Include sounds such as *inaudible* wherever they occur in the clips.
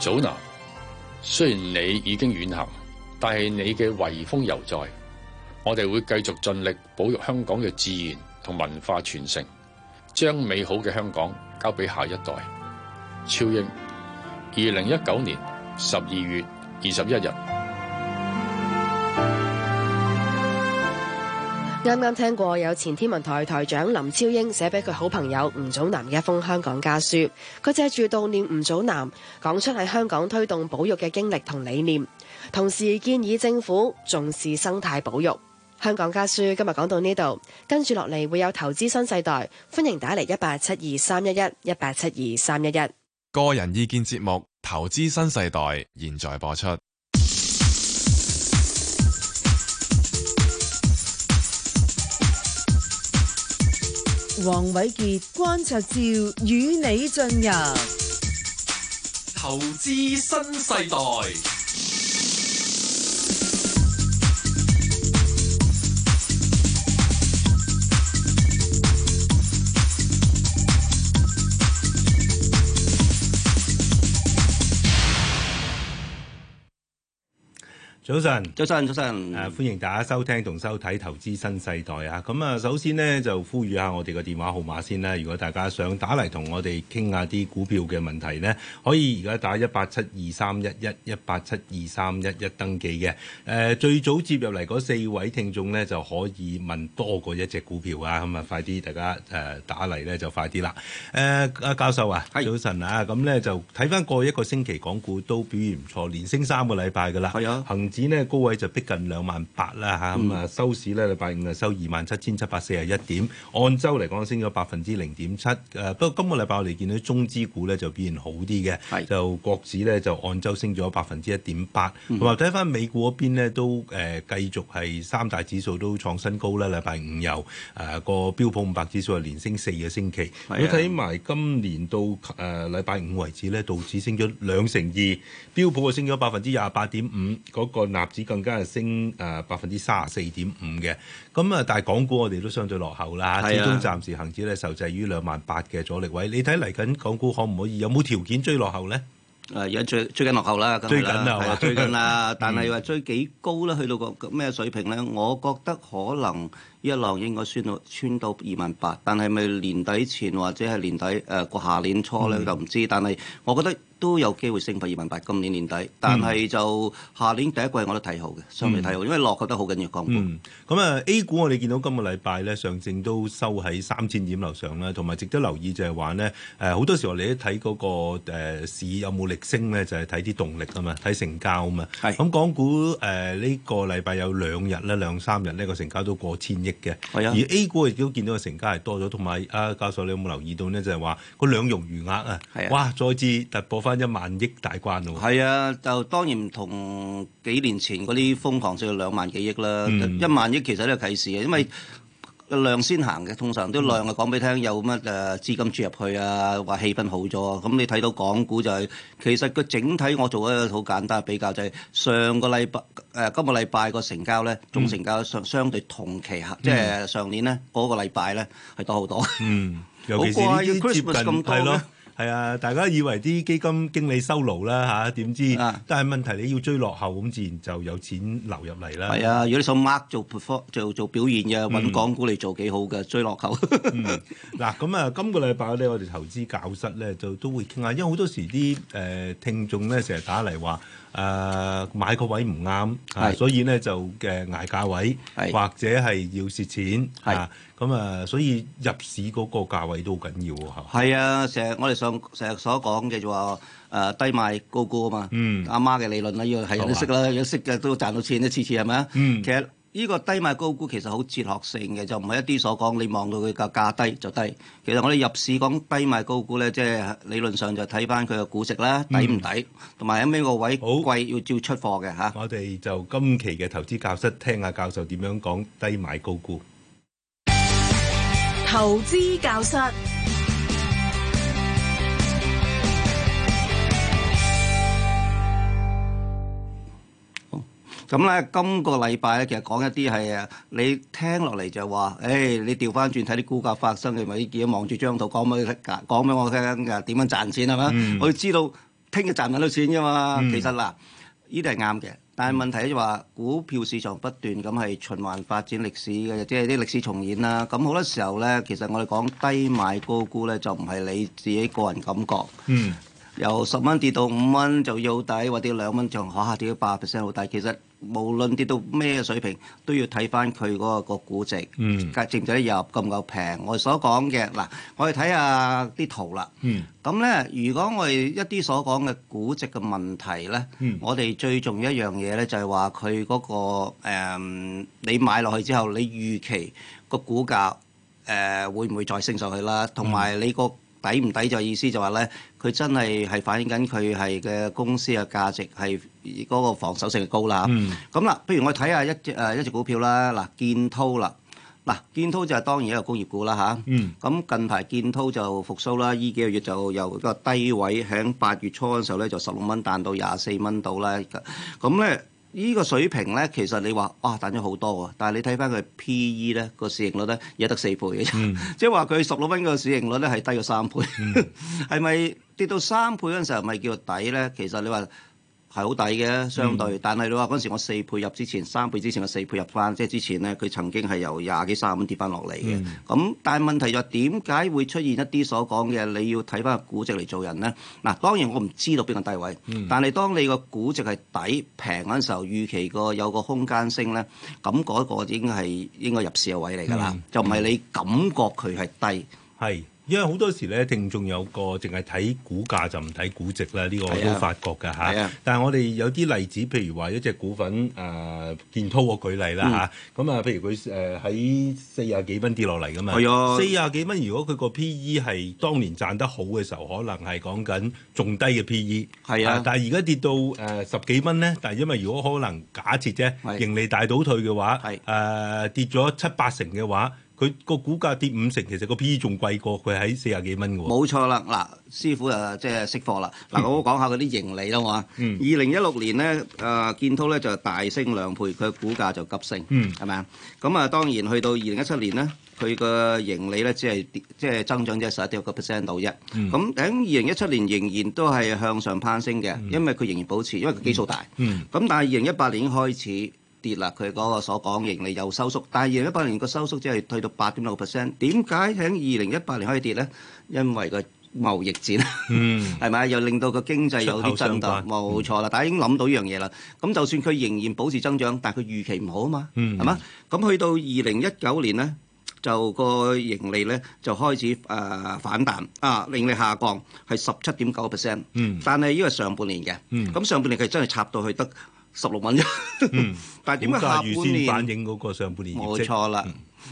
祖南，ona, 雖然你已經遠行，但係你嘅遺風猶在。我哋會繼續盡力保育香港嘅自然同文化傳承，將美好嘅香港交俾下一代。超英，二零一九年十二月二十一日。啱啱聽過有前天文台台長林超英寫俾佢好朋友吳祖南嘅一封香港家書，佢借住悼念吳祖南，講出喺香港推動保育嘅經歷同理念，同時建議政府重視生態保育。香港家書今日講到呢度，跟住落嚟會有投資新世代，歡迎打嚟一八七二三一一一八七二三一一。個人意見節目《投資新世代》現在播出。黃瑋傑、關焯照，與你進入投資新世代。早晨，早晨、啊，早晨！誒，歡迎大家收聽同收睇《投資新世代》啊！咁啊，首先呢，就呼籲下我哋嘅電話號碼先啦。如果大家想打嚟同我哋傾下啲股票嘅問題呢，可以而家打一八七二三一一一八七二三一一登記嘅。誒、啊，最早接入嚟嗰四位聽眾呢，就可以問多過一,一隻股票啊！咁啊，啊，快啲，大家誒打嚟呢，就快啲啦。誒、啊，阿教授啊，是早晨啊！咁、啊、呢，就睇翻過一個星期港股都表現唔錯，連升三個禮拜噶啦。係是的 啊，啊，市呢高位就逼近兩萬八啦嚇，咁啊收市呢禮拜五啊收二萬七千七百四十一點，按周嚟講升咗百分之零點七。誒、呃、不過今個禮拜我哋見到中資股就變是就呢就表現好啲嘅，就、嗯、國指呢就按周升咗百分之一點八。同埋睇翻美股嗰邊咧都誒、呃、繼續係三大指數都創新高啦，禮拜五又誒個標普五百指數啊連升四個星期。如果睇埋今年到誒禮拜五為止呢，道指升咗兩成二，標普啊升咗百分之廿八點五，嗰、那個納指更加係升誒百分之三十四點五嘅，咁、呃、啊但係港股我哋都相對落後啦，是啊、始終暫時恆指咧受制於兩萬八嘅阻力位。你睇嚟緊港股可唔可以有冇條件追落後咧？誒，有追追緊落後啦，啦追緊啦，追緊啦。但係話追幾高咧？去到個咩水平咧？我覺得可能呢一浪應該穿到穿到二萬八，但係咪年底前或者係年底誒個下年初咧、嗯、就唔知。但係我覺得。都有機會升到二萬八，今年年底，但係就、嗯、下年第一季我都睇好嘅，相對睇好，因為落覺得好緊要港股。咁啊、嗯嗯嗯、A 股我哋見到今個禮拜咧，上證都收喺三千點樓上啦，同埋值得留意就係話咧，誒、呃、好多時候你一睇嗰個、呃、市有冇力升咧，就係睇啲動力啊嘛，睇成交啊嘛。係的。咁、嗯、港股誒呢、呃這個禮拜有兩日咧，兩三日呢個成交都過千億嘅。係啊的。而 A 股亦都見到個成交係多咗，同埋啊教授你有冇留意到咧？就係話個兩融餘額啊，係啊的。哇！再次突破翻。翻一萬億大關咯喎，係啊，就當然唔同幾年前嗰啲瘋狂，少咗兩萬幾億啦。一萬億其實都係啟示嘅，因為量先行嘅，通常啲量啊講俾你聽有乜誒資金注入去啊，話氣氛好咗。咁你睇到港股就係其實個整體，我做一個好簡單比較，就係上個禮拜誒，今個禮拜個成交咧，總成交相相對同期即係上年咧嗰個禮拜咧係多好多。嗯，尤其是接近咁多。係啊，大家以為啲基金經理收爐啦嚇，點、啊、知？但係問題你要追落後咁，自然就有錢流入嚟啦。係啊，如果你想 mark 做 perform 做做表現嘅，揾港股嚟做幾好嘅，嗯、追落後。嗱、 *laughs* 嗯，咁啊，今個禮拜咧，我哋投資教室咧就都會傾下，因為好多時啲誒、呃、聽眾咧成日打嚟話。誒、uh，買個位唔啱，是 uh，所以咧就嘅捱價位，是或者係要蝕錢，咁啊是，uh，所以入市嗰個價位都緊要喎，係啊，成日吧我哋上成日所講嘅就話、是、誒、呃、低賣高沽啊嘛，阿、嗯、媽嘅理論啦，要係人都識啦，要、啊、識嘅都賺到錢一次次係咪啊？嗯。其實。呢個低買高沽其實好哲學性嘅，就唔係一啲所講，你望到佢價價低就低。其實我哋入市講低買高沽咧，即係理論上就睇返佢個估值啦，嗯、抵唔抵，同埋喺咩個位貴好貴要照出貨嘅嚇。啊、我哋就今期嘅投資教室聽下教授點樣講低買高沽。投資教室。咁咧，今個禮拜咧，其實講一啲係啊，你聽落嚟就話，誒、欸，你調翻轉睇啲股價發生嘅咪見到，望住張圖講乜都得㗎，講俾我聽嘅點樣賺錢係咪？嗯、我知道聽日賺緊多錢㗎嘛。嗯、其實嗱，呢啲係啱嘅，但係問題就話股票市場不斷咁係循環發展歷史嘅，即係啲歷史重演啦。咁好多時候咧，其實我哋講低買高沽咧，就唔係你自己個人感覺。嗯、由十蚊跌到五蚊就要底，或者兩蚊仲可下跌百 percent 好底。其實。無論跌到咩水平，都要睇翻佢嗰個個估值，價值唔值得入，夠唔夠平。我哋所講嘅嗱，我哋睇下啲圖啦。咁咧，如果我哋一啲所講嘅估值嘅問題咧，我哋最重要一樣嘢咧，就係話佢嗰個誒，你買落去之後，你預期個股價誒會唔會再升上去啦？同埋你個。抵唔抵就意思就話咧，佢真係係反映緊佢係嘅公司嘅價值係嗰個防守性高啦。咁啦、嗯，不如我睇下一隻誒，一隻股票啦。嗱，建滔啦，嗱，建滔就係當然一個工業股啦吓。咁、嗯、近排建滔就復甦啦，呢幾個月就由個低位，喺八月初嘅時候咧就十六蚊彈到廿四蚊到啦。咁咧。依個水平咧，其實你話哇，跌咗好多喎、啊。但係你睇翻佢 P E 咧，個市盈率咧，而家得四倍嘅，嗯、即係話佢十六蚊個市盈率咧，係低咗三倍。係咪、嗯、 *laughs* 跌到三倍嗰陣時候，咪叫底咧？其實你話。係好抵嘅，相對，嗯、但係你話嗰時我四倍入之前，三倍之前嘅四倍入翻，即係之前咧，佢曾經係由廿幾三十蚊跌翻落嚟嘅。咁、嗯、但係問題就係點解會出現一啲所講嘅？你要睇翻個估值嚟做人咧。嗱，當然我唔知道邊個低位，嗯、但係當你個估值係底平嗰陣時候，預期個有個空間升咧，咁嗰個應該係應該入市嘅位嚟㗎啦。嗯、就唔係你感覺佢係低。係、嗯。因為好多時咧，聽眾有個淨係睇股價就唔睇估值啦，呢、這個我都發覺嘅嚇。啊啊、但係我哋有啲例子，譬如話一隻股份，啊、呃，建滔我舉例啦嚇。咁、嗯、啊，譬如佢誒喺四廿幾蚊跌落嚟嘅嘛。係啊。四廿幾蚊，如果佢個 P E 係當年賺得好嘅時候，可能係講緊仲低嘅 P E。係啊。呃、但係而家跌到誒、呃、十幾蚊咧，但係因為如果可能假設啫，是盈利大倒退嘅話，係誒跌咗七八成嘅話。佢個股價跌五成，其實個 P/E 仲貴過佢喺四廿幾蚊喎。冇錯啦，嗱，師傅啊，即係識貨啦。嗱，我講下嗰啲盈利啦，我二零一六年咧，誒建滔咧就大升兩倍，佢股價就急升，係咪啊？咁啊，當然去到二零一七年咧，佢個盈利咧只係即係增長隻十一點個 percent 到一。咁喺二零一七年仍然都係向上攀升嘅，因為佢仍然保持，因為佢基數大。咁但係二零一八年開始。跌啦！佢嗰個所講盈利又收縮，但係二零一八年個收縮只係退到八點六個 percent。點解喺二零一八年可以跌咧？因為個貿易戰，係咪又令到個經濟有啲震盪？冇錯啦，但係大家已經諗到一樣嘢啦。咁就算佢仍然保持增長，但係佢預期唔好啊嘛，係嘛？咁去到二零一九年咧，就個盈利咧就開始誒反彈啊，盈利下降係十七點九個 percent。嗯。但係因為上半年嘅，嗯，咁上半年佢真係插到去得。十六蚊啫， *laughs* 但係點解下半年、嗯、先反映嗰個上半年？冇錯啦。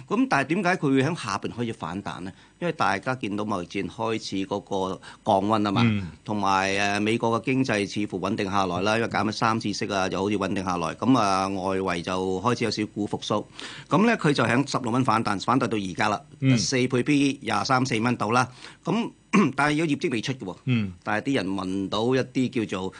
咁、嗯、但係點解佢會喺下邊開始反彈咧？因為大家見到貿易戰開始嗰個降溫啊嘛，同埋誒美國嘅經濟似乎穩定下來啦，因為減咗三次息啊，又好似穩定下來。咁啊，外圍就開始有少少股復甦。咁咧，佢就喺十六蚊反彈，反彈到而家、嗯、啦，四倍 P，廿三四蚊到啦。咁 *coughs* 但係有業績未出嘅喎。嗯。但係啲人問到一啲叫做。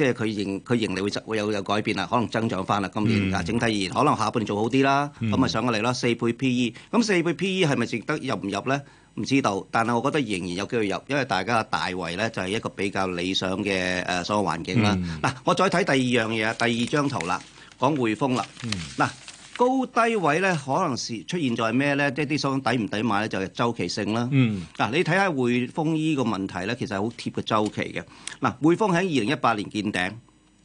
即係佢盈佢盈利會有有改變啦，可能增長翻啦。今年嗱整體而言，可能下半年做好啲啦，咁啊、嗯、上過嚟啦，四倍 P E。咁四倍 P E 係咪值得入唔入呢？唔知道。但係我覺得仍然有機會入，因為大家大圍呢就係一個比較理想嘅誒、呃、所有環境啦。嗱、嗯啊，我再睇第二樣嘢，第二張圖啦，講匯豐啦。嗱、嗯。啊高低位呢，可能是出現在咩呢？即係啲商品抵唔抵買呢，就係、是、周期性啦。嗱、嗯啊，你睇下匯豐呢個問題呢，其實係好貼嘅周期嘅。嗱、啊，匯豐喺二零一八年見頂。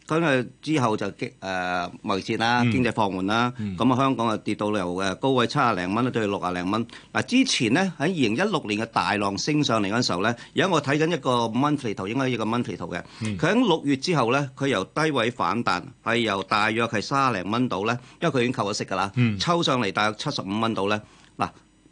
咁啊、嗯嗯、之後就激誒慢線啦，經濟放緩啦，咁啊、嗯嗯、香港啊跌到由誒高位七廿零蚊對六廿零蚊。嗱，之前咧喺二零一六年嘅大浪升上嚟嗰陣時候咧，而家我睇緊一個 monthly 圖，應該一個 monthly 圖嘅。佢喺六月之後咧，佢由低位反彈，係由大約係三廿零蚊到咧，因為佢已經扣咗息㗎啦，嗯、抽上嚟大約七十五蚊到咧。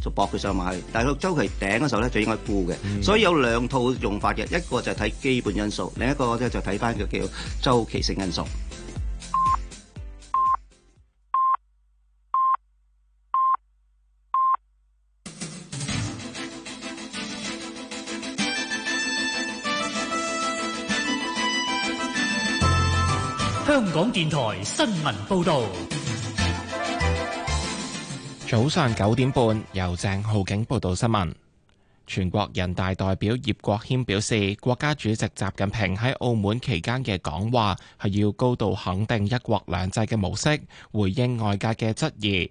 就搏佢上埋去，但係佢個週期頂嘅時候咧，就應該沽嘅。所以有兩套用法嘅，一個就係睇基本因素，另一個咧就睇翻佢個週期性因素。香港電台新聞報導。早上九點半，由鄭浩景報道新聞。全國人大代表葉國謙表示，國家主席習近平喺澳門期間嘅講話係要高度肯定一國兩制嘅模式，回應外界嘅質疑。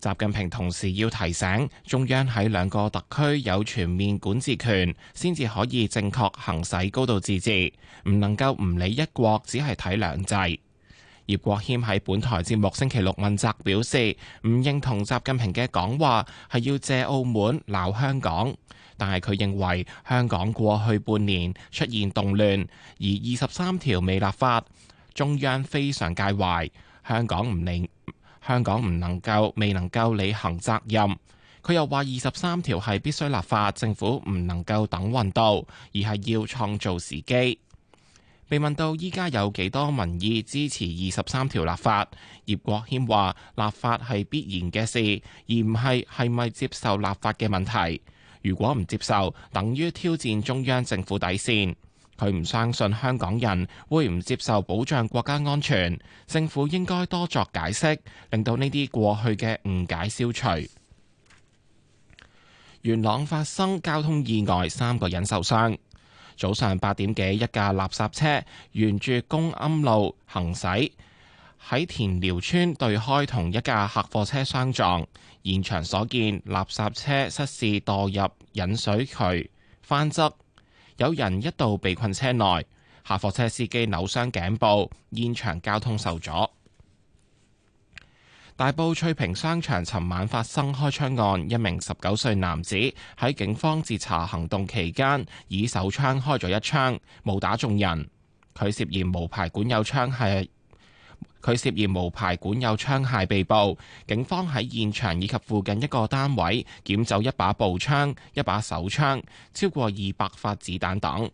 習近平同時要提醒，中央喺兩個特區有全面管治權，先至可以正確行使高度自治，唔能夠唔理一國，只係睇兩制。葉國謙喺本台節目星期六問責表示，唔認同習近平嘅講話係要借澳門鬧香港，但係佢認為香港過去半年出現動亂，而二十三條未立法，中央非常介懷，香港唔理香港唔能夠未能夠履行責任。佢又話二十三條係必須立法，政府唔能夠等運到，而係要創造時機。被問到依家有幾多民意支持二十三條立法，葉國謙話：立法係必然嘅事，而唔係係咪接受立法嘅問題。如果唔接受，等於挑戰中央政府底線。佢唔相信香港人會唔接受保障國家安全，政府應該多作解釋，令到呢啲過去嘅誤解消除。元朗發生交通意外，三個人受傷。早上八點幾，一架垃圾車沿住公庵路行駛，喺田寮村對開同一架客貨車相撞。現場所見，垃圾車失事墮入引水渠，翻側，有人一度被困車內，客貨車司機扭傷頸部，現場交通受阻。大埔翠屏商場尋晚發生開槍案，一名十九歲男子喺警方截查行動期間，以手槍開咗一槍，冇打中人。佢涉嫌無牌管有槍械，佢涉嫌無牌管有槍械被捕。警方喺現場以及附近一個單位檢走一把步槍、一把手槍、超過二百發子彈等。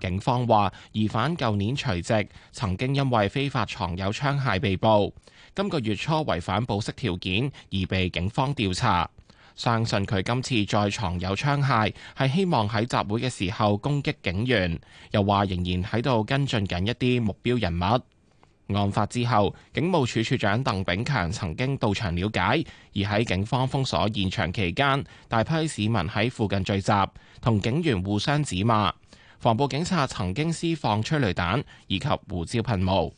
警方話，疑犯舊年除夕曾經因為非法藏有槍械被捕，今個月初違反保釋條件而被警方調查。相信佢今次再藏有槍械係希望喺集會嘅時候攻擊警員，又話仍然喺度跟進緊一啲目標人物。案發之後，警務處處長鄧炳強曾經到場了解，而喺警方封鎖現場期間，大批市民喺附近聚集，同警員互相指罵。防暴警察曾經施放催淚彈以及胡椒噴霧。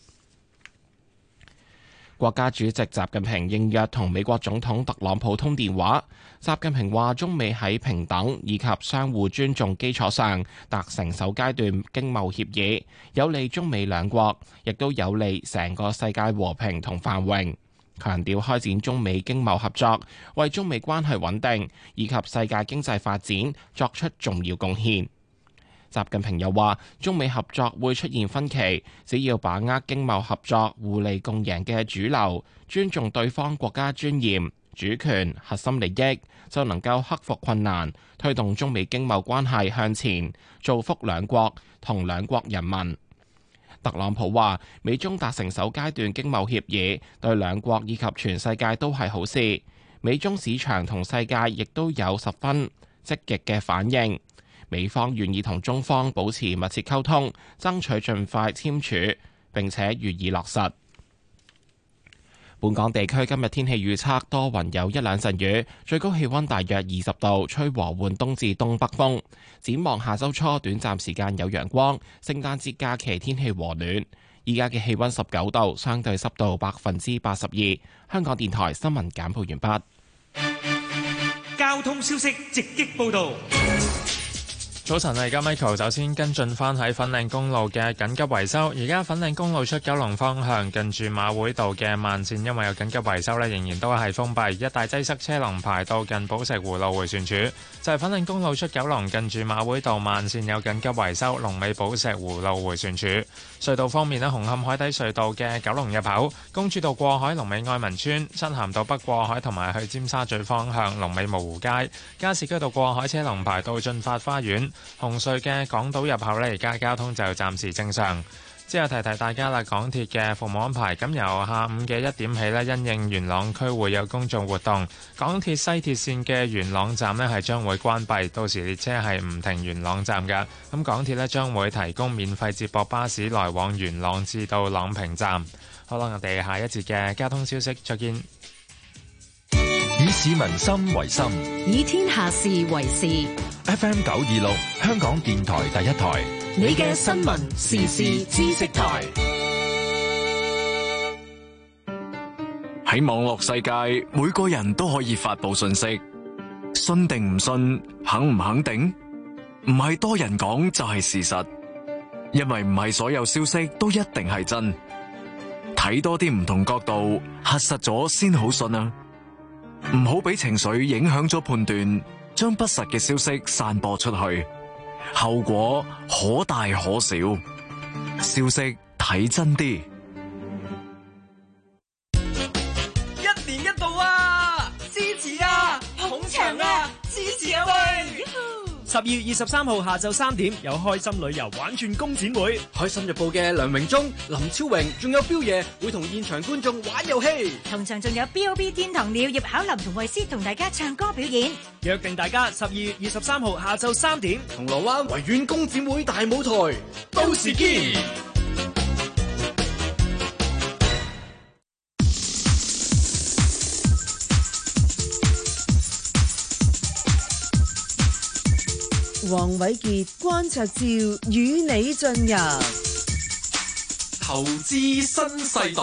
國家主席習近平應約同美國總統特朗普通電話。習近平話：中美喺平等以及相互尊重基礎上達成首階段經貿協議，有利中美兩國，亦都有利成個世界和平同繁榮。強調開展中美經貿合作，為中美關係穩定以及世界經濟發展作出重要貢獻。習近平又話：中美合作會出現分歧，只要把握經貿合作互利共贏嘅主流，尊重對方國家尊嚴、主權、核心利益，就能夠克服困難，推動中美經貿關係向前，造福兩國同兩國人民。特朗普話：美中達成首階段經貿協議，對兩國以及全世界都係好事。美中市場同世界亦都有十分積極嘅反應。美方願意同中方保持密切溝通，爭取盡快簽署並且予以落實。本港地區今日天，天氣預測多雲有一兩陣雨，最高氣温大約二十度，吹和緩東至東北風。展望下周初短暫時間有陽光，聖誕節假期天氣和暖。依家嘅氣温十九度，相對濕度百分之八十二。香港電台新聞簡報完畢。交通消息直擊報導。早晨，而家 Michael，首先跟進翻喺粉嶺公路嘅緊急維修。而家粉嶺公路出九龍方向，近住馬會道嘅慢線，因為有緊急維修呢，仍然都係封閉，一帶擠塞車龍排到近寶石湖路回旋處。就係粉嶺公路出九龍近住馬會道慢線有緊急維修，龍尾寶石湖路回旋處。隧道方面咧，紅磡海底隧道嘅九龍入口、公主道過海、龍尾愛民村、漆咸道北過海同埋去尖沙咀方向、龍尾蕪湖街、加士居道過海車龍排到進發花園、紅隧嘅港島入口呢，而家交通就暫時正常。之後提提大家啦，港鐵嘅服務安排。咁由下午嘅一點起呢，因應元朗區會有公眾活動，港鐵西鐵線嘅元朗站呢係將會關閉，到時列車係唔停元朗站嘅。咁港鐵呢將會提供免費接駁巴士來往元朗至到朗屏站。好啦，我哋下一節嘅交通消息，再見。以市民心為心，以天下事為事。FM 九二六，香港電台第一台。你嘅新聞時事知識台。喺網絡世界，每個人都可以發佈信息。信定唔信，肯唔肯定，唔係多人講就係事實。因為唔係所有消息都一定係真。睇多啲唔同角度，核實咗先好信啊！唔好俾情緒影響咗判斷，將不實嘅消息散播出去。後果可大可小，消息睇真啲。十二月二十三號下晝三點有開心旅遊玩轉工展會，開心日報嘅梁榮忠、林超榮，仲有彪爺會同現場觀眾玩遊戲。同場仲有 B O B 天堂鳥葉巧林同維思同大家唱歌表演。約定大家十二月二十三號下晝三點，銅鑼灣維園工展會大舞台，到時見。黃瑋傑、關焯照與你進入投資新世代。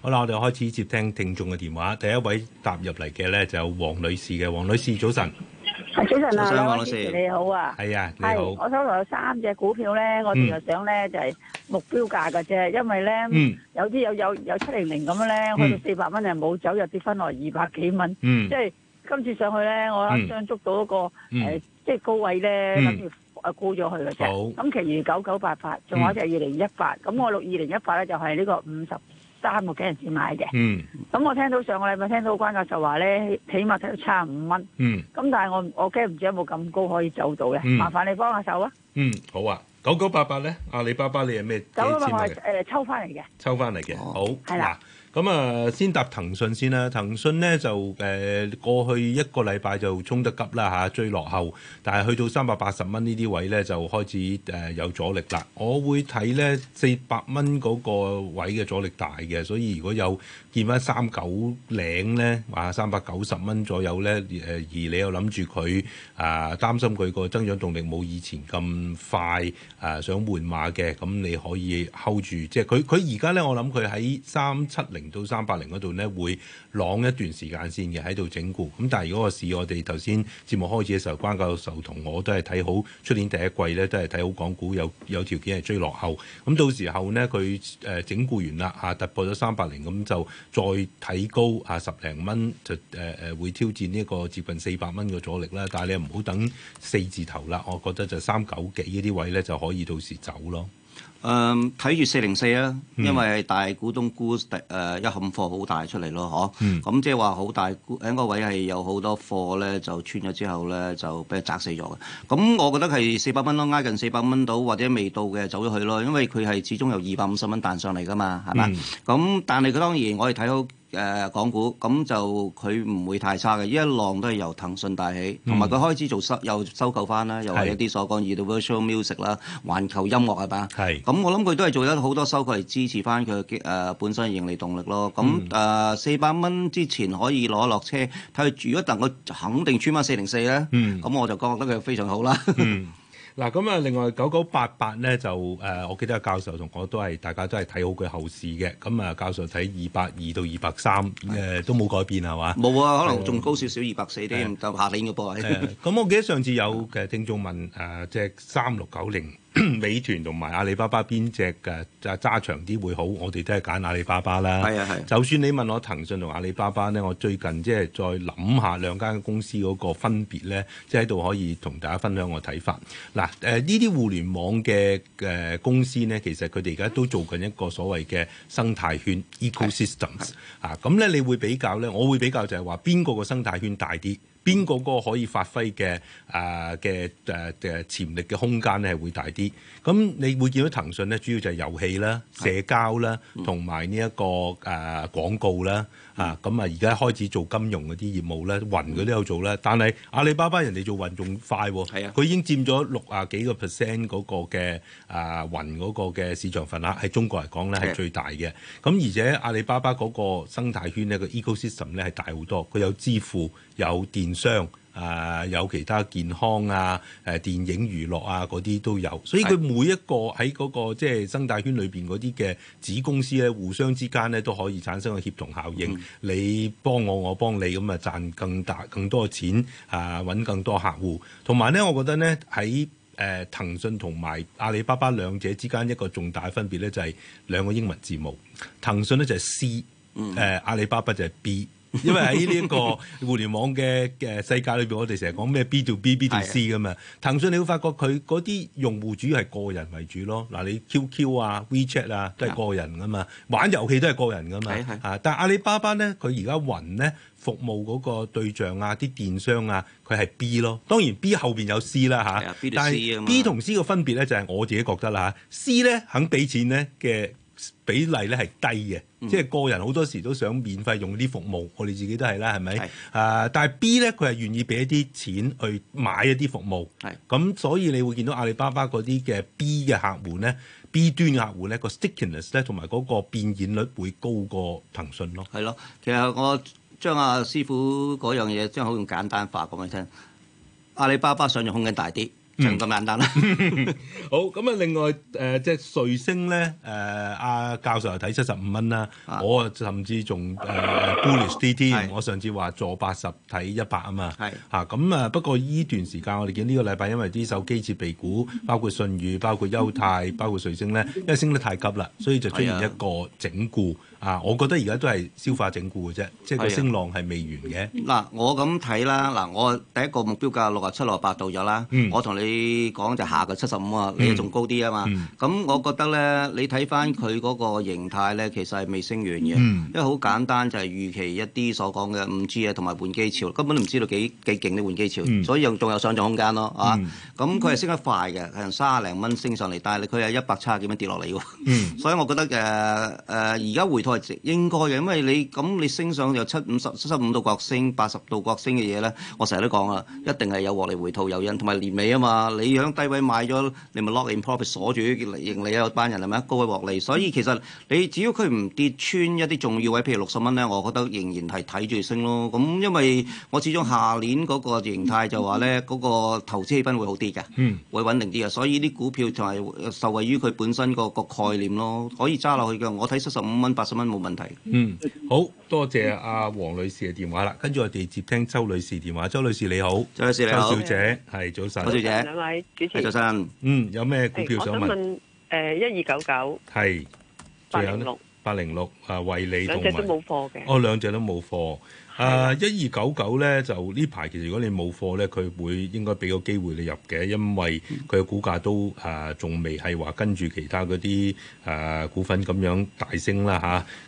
好啦，我哋開始接聽聽眾嘅電話。第一位踏入嚟嘅呢，就有黃女士嘅。黃女士，早晨。早晨啊，李老師你好啊，係啊，你好。我手頭有三隻股票咧，我哋就想咧就係目標價㗎啫。因為咧有啲有有有七零零咁樣咧，去到四百蚊就冇走，入跌翻落二百幾蚊，即係今次上去咧，我一箱捉到一個誒，即係高位咧，跟住誒高咗去嘅啫。咁其餘九九八八，仲有一隻二零一八，咁我六二零一八咧就係呢個五十。三個幾日先買嘅，咁、嗯、我聽到上個禮拜聽到關焯就話咧，起碼睇到差五蚊，咁、嗯、但係我我驚唔知有冇咁高可以走到嘅，嗯、麻煩你幫下手啊。嗯，好啊，九九八八咧，阿里巴巴你係咩九九八八誒，了啊、我抽翻嚟嘅。抽翻嚟嘅，好係、哦、啦。咁啊，先答騰訊先啦。騰訊咧就誒過去一個禮拜就衝得急啦吓，追落後。但係去到三百八十蚊呢啲位咧就開始誒有阻力啦。我會睇咧四百蚊個位嘅阻力大嘅，所以如果有見翻三九零咧，啊三百九十蚊左右咧誒，而你又諗住佢啊擔心佢個增長動力冇以前咁快啊，想換馬嘅，咁你可以 hold 住。即係佢佢而家咧，我諗佢喺三七零。零到三百零嗰度呢，會晾一段時間先嘅，喺度整固。咁但係如果個市，我哋頭先節目開始嘅時候，關教授同我都係睇好出年第一季呢，都係睇好港股有有條件係追落後。咁到時候呢，佢誒整固完啦，嚇突破咗三百零，咁就再睇高嚇十零蚊，就誒誒、呃、會挑戰呢一個接近四百蚊嘅阻力啦。但係你唔好等四字頭啦，我覺得就三九幾呢啲位呢，就可以到時走咯。誒睇住四零四啦，嗯、4，因為大股東沽誒、呃、一倉貨好大出嚟咯，嗬、啊，咁、嗯、即係話好大股喺嗰位係有好多貨咧，就穿咗之後咧就俾人砸死咗嘅。咁、嗯、我覺得係四百蚊咯，挨近四百蚊到或者未到嘅走咗去咯，因為佢係始終有二百五十蚊彈上嚟㗎嘛，係嘛？咁、嗯、但係佢當然我哋睇到。誒、呃、港股咁就佢唔會太差嘅，呢一浪都係由騰訊帶起，同埋佢開始做收又收購翻啦，又係一啲所講的 Universal Music 啦，環球音樂係嘛？係，咁的我諗佢都係做咗好多收購嚟支持翻佢誒本身嘅盈利動力咯。咁誒四百蚊之前可以攞落車，睇佢住一陣佢肯定穿翻四零四咧，咁、嗯、我就覺得佢非常好啦。 *laughs* 嗯嗱咁啊，另外九九八八咧就誒、呃，我記得教授同我都係大家都係睇好佢後市嘅，咁、嗯、啊教授睇二百二到二百三誒都冇改變係嘛？冇啊，可能仲高少少、呃、二百四添，就下年嘅噃。咁、呃呃、我記得上次有嘅聽眾問誒，即係三六九零。就是 *laughs* *coughs* 美團同埋阿里巴巴邊隻嘅就揸長啲會好？我哋都係揀阿里巴巴啦。係啊係。就算你問我騰訊同阿里巴巴咧，我最近即係再諗下兩間公司嗰個分別咧，即係喺度可以同大家分享我睇法。嗱誒，呢、呃、啲互聯網嘅誒、呃、公司咧，其實佢哋而家都做緊一個所謂嘅生態圈 （ecosystems） 的啊。咁咧，你會比較咧？我會比較就係話邊個個生態圈大啲？邊個個可以發揮嘅誒嘅誒誒潛力嘅空間咧會大啲？咁你會見到騰訊咧，主要就係遊戲啦、社交啦，同埋呢一個誒廣告啦。嗯、啊，咁啊，而家開始做金融嗰啲業務咧，雲佢都有做咧。嗯、但係阿里巴巴人哋做雲仲快喎，佢、啊、已經佔咗六啊幾個 percent 嗰個嘅啊雲嗰個嘅市場份額喺中國嚟講咧係最大嘅。咁、啊、而且阿里巴巴嗰個生態圈咧個 ecosystem 咧係大好多，佢有支付，有電商。啊、呃，有其他健康啊，誒、呃、電影娛樂啊嗰啲都有，所以佢每一個喺嗰個即係生態圈裏邊嗰啲嘅子公司咧，互相之間咧都可以產生個協同效應。嗯、你幫我，我幫你，咁啊賺更大更多錢啊，揾更多客戶。同埋咧，我覺得咧喺誒騰訊同埋阿里巴巴兩者之間一個重大分別咧，就係、是、兩個英文字母。騰訊咧就係 C，誒、嗯呃、阿里巴巴，巴就係 B。 *laughs* 因為喺呢一個互聯網嘅嘅世界裏邊，我哋成日講咩 B to B，B to C 噶嘛。騰訊的你會發覺佢嗰啲用戶主要係個人為主咯。嗱，你 QQ 啊、WeChat 啊都係個人噶嘛，玩遊戲都係個人噶嘛。的啊、但係阿里巴巴呢，佢而家雲呢服務嗰個對象啊，啲電商啊，佢係 B 咯。當然 B 後邊有 C 啦嚇，啊、但係 B 同 C 嘅嘛分別呢，就係我自己覺得啦嚇，C 呢，肯俾錢呢嘅，比例咧係低嘅，嗯、即係個人好多時都想免費用啲服務，我哋自己都係啦，係咪？啊是、呃！但係 B 咧，佢係願意俾一啲錢去買一啲服務，係咁是，所以你會見到阿里巴巴嗰啲嘅 B 嘅客戶咧，B 端嘅客戶咧，個 stickiness 咧同埋嗰個變現率會高過騰訊咯。係咯，其實我將阿師傅嗰樣嘢將好用簡單化講俾你聽，阿里巴巴上漲空間大啲。就咁簡單啦。嗯、 *laughs* 好，咁啊，另外誒、呃，即係瑞星咧，誒、呃、阿教授又睇七十五蚊啦。啊、我甚至仲誒、呃啊、bullish 啲添。是我上次話做八十睇一百啊嘛。係嚇咁啊。不過呢段時間，我哋見呢個禮拜，因為啲手機設備股，包括信宇，包括優泰，包括瑞星咧，因為升得太急啦，所以就出現一個整固。啊，我覺得而家都係消化整固嘅啫，即係佢升浪係未完嘅。嗱、啊，我咁睇啦，嗱，我第一個目標價六啊七、六啊八到咗啦。嗯、我同你講就下個七十五啊，你仲高啲啊嘛。嗯，咁、嗯、我覺得咧，你睇翻佢嗰個形態咧，其實係未升完嘅。嗯、因為好簡單就係預期一啲所講嘅五 G 啊，同埋換機潮，根本都唔知道幾幾勁啲換機潮，嗯、所以仲有上漲空間咯，嚇、啊。咁佢係升得快嘅，係三廿零蚊升上嚟，但係佢係一百七十幾蚊跌落嚟喎。 *laughs* *laughs* 所以我覺得誒誒而家回。應該嘅，因為你咁你升上又七五十七十五度角升八十度角升嘅嘢咧，我成日都講啦，一定係有獲利回吐有因，同埋年尾啊嘛，你響低位買咗，你咪 lock in profit 鎖住盈利啊班人係咪啊，高位獲利，所以其實你只要佢唔跌穿一啲重要位，譬如六十蚊咧，我覺得仍然係睇住升咯。咁因為我始終下年嗰個形態就話咧，嗰、嗯、個投資氣氛會好啲嘅，嗯、會穩定啲嘅，所以啲股票就係受惠於佢本身個個概念咯，可以揸落去嘅。我睇七十五蚊八十。冇問題。嗯，好多謝阿黃女士嘅電話啦。跟住我哋接聽周女士電話。周女士你好，周女士。周小姐係。早晨，周小姐。兩位主持人，嗯，有咩股票想問？我想問一二九九係仲有呢，八零六啊，惠理同埋，我兩隻都冇貨嘅。哦，兩隻都冇貨。啊，一二九九咧就呢排，其實如果你冇貨咧，佢會應該俾個機會你入嘅，因為佢嘅股價都啊仲、呃、未係話跟住其他嗰啲啊股份咁樣大升啦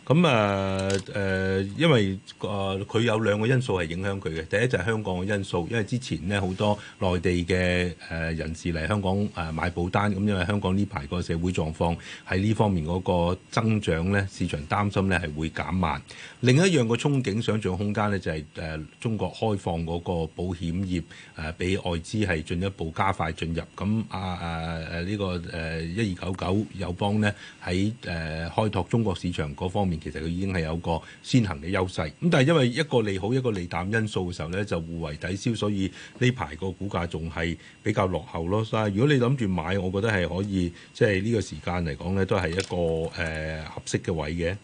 吓，咁啊誒、呃，因為啊佢、呃、有兩個因素係影響佢嘅，第一就係香港嘅因素，因為之前咧好多內地嘅誒人士嚟香港誒買保單，咁因為香港呢排個社會狀況喺呢方面嗰個增長咧，市場擔心咧係會減慢。另一樣個憧憬想像空間咧，就係誒中國開放嗰個保險業誒，俾外資係進一步加快進入。咁啊啊誒呢、呢個誒一二九九友邦咧，喺誒、啊、開拓中國市場嗰方面，其實佢已經係有個先行嘅優勢。咁但係因為一個利好一個利淡因素嘅時候咧，就互為抵消，所以呢排個股價仲係比較落後咯。所以如果你諗住買，我覺得係可以，即係呢個時間嚟講咧，都係一個誒、呃、合適嘅位嘅。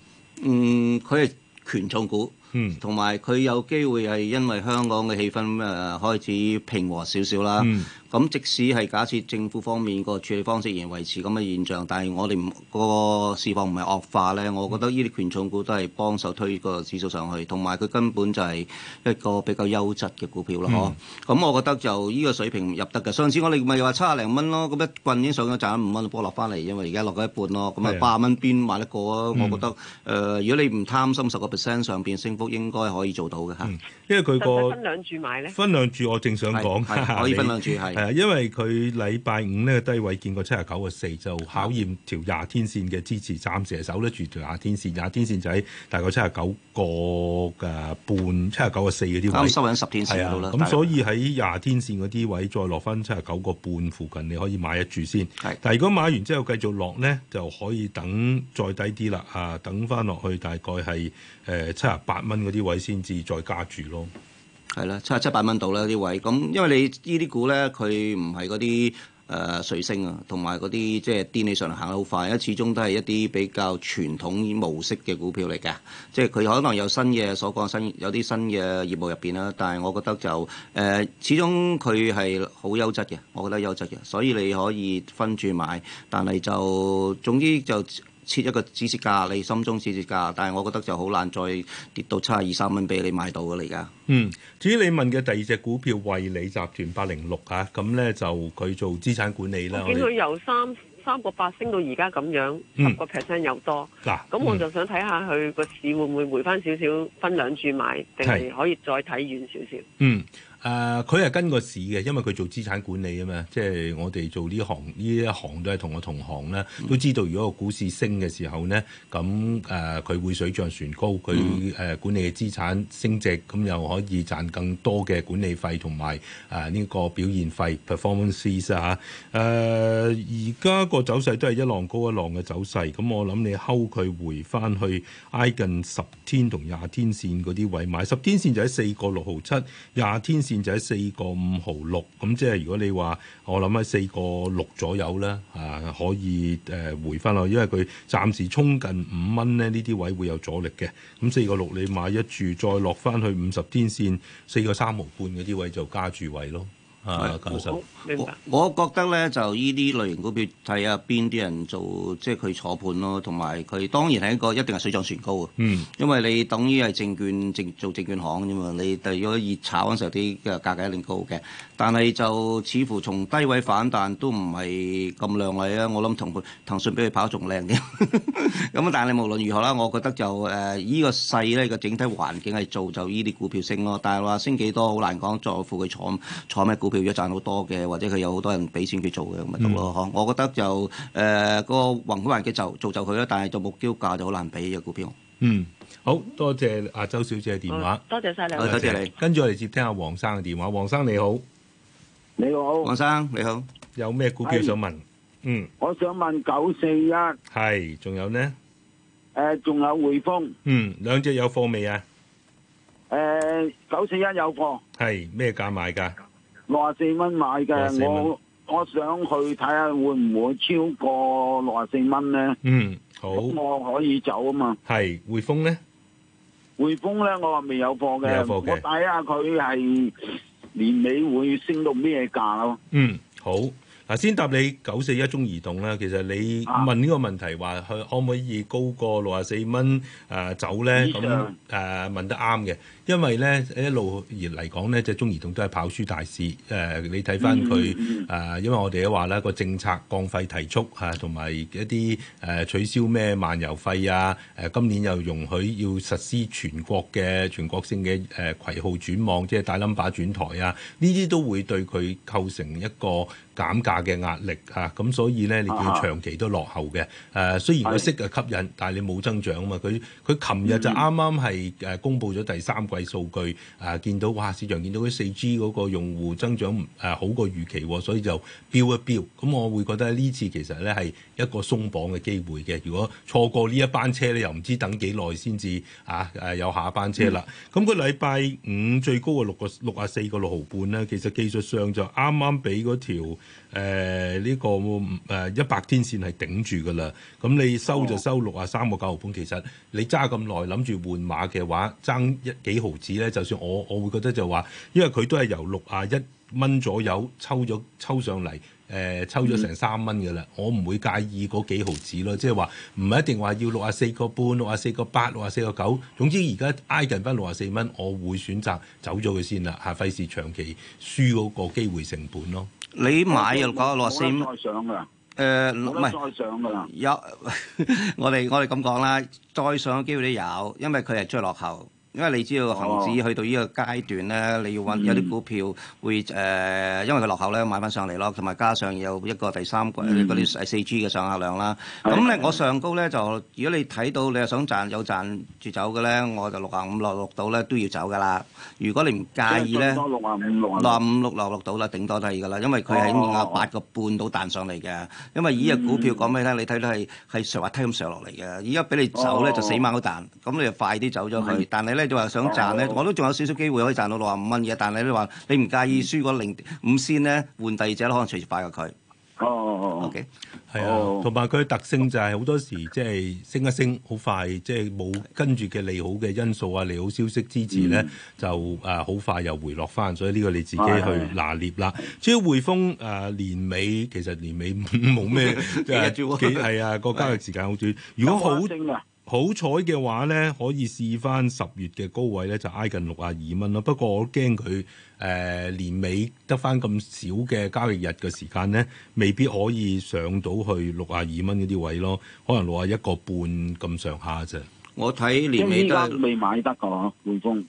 嗯，佢係，權重股，同埋佢有機會係因為香港嘅氣氛誒開始平和少少啦。嗯咁即使係假設政府方面個處理方式仍然維持咁嘅現象，但係我哋、嗰個市況唔係惡化咧，我覺得呢啲權重股都係幫手推個指數上去，同埋佢根本就係一個比較優質嘅股票咯。咁、嗯哦、我覺得就依個水平入得嘅。上次我哋咪話七廿零蚊咯，咁一棍已經上咗賺緊五蚊，波落翻嚟，因為而家落咗一半咯。咁啊，八蚊邊買得過啊？我覺得誒、嗯呃，如果你唔貪心，十個 percent 上邊升幅應該可以做到嘅嚇。嗯、因為佢個分兩注買咧，分兩注我正想講、啊，可以分兩注係。因為佢禮拜五呢個低位見過七十九個四，就考驗條廿天線嘅支持，暫時係守得住條廿天線。廿天線就喺大概七十九個嘅半，七十九個四嗰啲位。啱啱收緊十天線到啦、啊，咁概所以喺廿天線嗰啲位再落翻七十九個半附近，你可以買一注先。係是，但係如果買完之後繼續落咧，就可以等再低啲啦。啊，等翻落去大概係誒七十八蚊嗰啲位先至再加注咯。係啦，七七百蚊到啦呢啲位。咁因為你呢啲股咧，佢唔係嗰啲誒瑞星啊，同埋嗰啲即係竇起上嚟行得好快，因始終都係一啲比較傳統模式嘅股票嚟嘅，即係佢可能有新嘅所講新有啲新嘅業務入邊啦，但係我覺得就誒、呃、始終佢係好優質嘅，我覺得優質嘅，所以你可以分住買，但係就總之就。設一個支持價，你心中支持價，但係我覺得就好難再跌到七二三蚊俾你買到嘅啦而家。嗯，至於你問嘅第二隻股票惠理集團八零六嚇，咁咧就佢做資產管理啦。我見佢由三三個八升到而家咁樣，十個 percent、嗯、又多。嗱、啊，咁我就想睇下佢個市、嗯、會唔會回翻少少，分兩注買，定係可以再睇遠少少。嗯。誒佢係跟個市嘅，因為佢做資產管理啊嘛，即係我哋做呢行呢一行都係同我同行啦，都知道如果個股市升嘅時候咧，咁誒佢會水漲船高，佢誒、呃、管理嘅資產升值，咁又可以賺更多嘅管理費同埋誒呢個表現費 （performance fees） 啊。誒而家個、呃、走勢都係一浪高一浪嘅走勢，咁我諗你睺佢回翻去挨近十天同廿天線嗰啲位買，十天線就喺四個六毫七，廿天。線就喺四個五毫六，咁即係如果你話我諗喺四個六左右咧，啊可以誒、呃、回翻落。因為佢暫時衝近五蚊咧，呢啲位會有阻力嘅。咁四個六你買一注，再落翻去五十天線四個三毫半嗰啲位就加注位咯。啊，我我，我覺得咧就依啲類型股票睇下邊啲人做，即係佢坐盤咯，同埋佢當然係一個一定係水漲船高啊。嗯，因為你等於係證券證做證券行啫嘛，你第如果熱炒嗰陣時啲價格，格一定高嘅，但係就似乎從低位反彈都唔係咁亮麗啊。我諗騰騰訊比佢跑得仲靚啲，咁 *laughs* 但係你無論如何啦，我覺得就誒依、呃這個勢咧個整體環境係造就依啲股票升咯，但係話升幾多好難講，在乎佢坐坐咩股票。做咗賺好多嘅，或者佢有好多人俾錢佢做嘅，咁咪得咯。嗬，我覺得就誒個宏觀環境就造就佢啦，但係就目標價就好難俾嘅股票。嗯，好多謝阿周小姐嘅電話，多謝晒兩位，多謝你。跟住我嚟接聽阿黃生嘅電話，黃生你好，你好，黃生你好，有咩股票想問？嗯，我想問九四一，係仲有呢？誒，仲有匯豐，嗯，兩隻有貨未啊？誒，九四一有貨，係咩價買噶？六十四蚊買嘅，我我想去睇下會唔會超過六十四蚊咧？嗯，好，我可以走啊嘛。係匯豐咧？匯豐咧，我話未有貨嘅，我睇下佢係年尾會升到咩價咯。嗯，好。嗱，先答你九四一中移動啦。其實你問呢個問題，話佢可唔可以高過六十四蚊？誒，走咧？咁誒，問得啱嘅。因為咧一路而嚟講咧，即係中移動都係跑輸大市。誒、呃，你睇翻佢誒，因為我哋都話啦，個政策降費提速嚇，同、啊、埋一啲誒、啊、取消咩漫遊費啊，誒今年又容許要實施全國嘅全國性嘅誒攜號轉網，即係大冧巴轉台啊，呢啲都會對佢構成一個減價嘅壓力嚇。咁、啊、所以咧，你叫長期都落後嘅。誒、啊，雖然佢息嘅吸引，啊、但係你冇增長啊嘛。佢佢琴日就啱啱係誒公佈咗第三季。係數據啊，見到哇市場見到啲四 G 嗰個用戶增長誒、啊、好過預期，啊、所以就飆一飆。咁我會覺得呢次其實咧係一個鬆綁嘅機會嘅。如果錯過呢一班車咧，又唔知等幾耐先至啊誒、啊、有下一班車啦。咁、嗯、個禮拜五最高嘅六個六啊四個六毫半呢，其實技術上就啱啱俾嗰條，誒呢、呃這個誒、呃、一百天線係頂住㗎啦，咁你收就收六啊三個九毫半，其實你揸咁耐，諗住換馬嘅話，爭一幾毫子咧，就算我我會覺得就話，因為佢都係由六啊一蚊左右抽咗抽上嚟，誒、呃、抽咗成三蚊嘅啦，我唔會介意嗰幾毫子咯，即係話唔係一定話要六啊四個半、六啊四個八、六啊四個九，總之而家挨近返六啊四蚊，我會選擇走咗佢先啦，下費事長期輸嗰個機會成本咯。你買又講落線，冇得再上㗎。誒，唔係，有 *laughs* 我哋我哋咁講啦，再上嘅機會都有，因為佢係最落後。因為你知道恒指去到呢個階段咧，你要揾有啲股票會誒，因為佢落後咧，買翻上嚟咯，同埋加上有一個第三季嗰啲四 G 嘅上客量啦。咁咧，我上高咧就，如果你睇到你又想賺有賺住走嘅咧，我就六廿五六六到咧都要走噶啦。如果你唔介意咧，六廿五六六廿五六落六到啦，頂多都係噶啦。因為佢係應該八個半到彈上嚟嘅。因為以個股票講俾你聽，你睇到係係上滑梯咁上落嚟嘅。而家俾你走咧就死貓都彈，咁你就快啲走咗佢。但係咧。你話想賺咧，我都仲有少少機會可以賺到六啊五蚊嘅。但係你話你唔介意輸個零五線咧，換第二隻都可能隨時擺過佢。哦，OK，係啊，同埋佢嘅特性就係好多時即係升一升好快，即係冇跟住嘅利好嘅因素啊、利好消息支持咧，就啊好快又回落翻。所以呢個你自己去拿捏啦。至於匯豐誒年尾，其實年尾冇咩，係啊，個交易時間好短。如果好好彩嘅話咧，可以試翻十月嘅高位咧，就挨近六啊二蚊咯。不過我驚佢誒年尾得翻咁少嘅交易日嘅時間咧，未必可以上到去六啊二蚊嗰啲位咯。可能六啊一個半咁上下啫。我睇年尾得未買得個匯豐。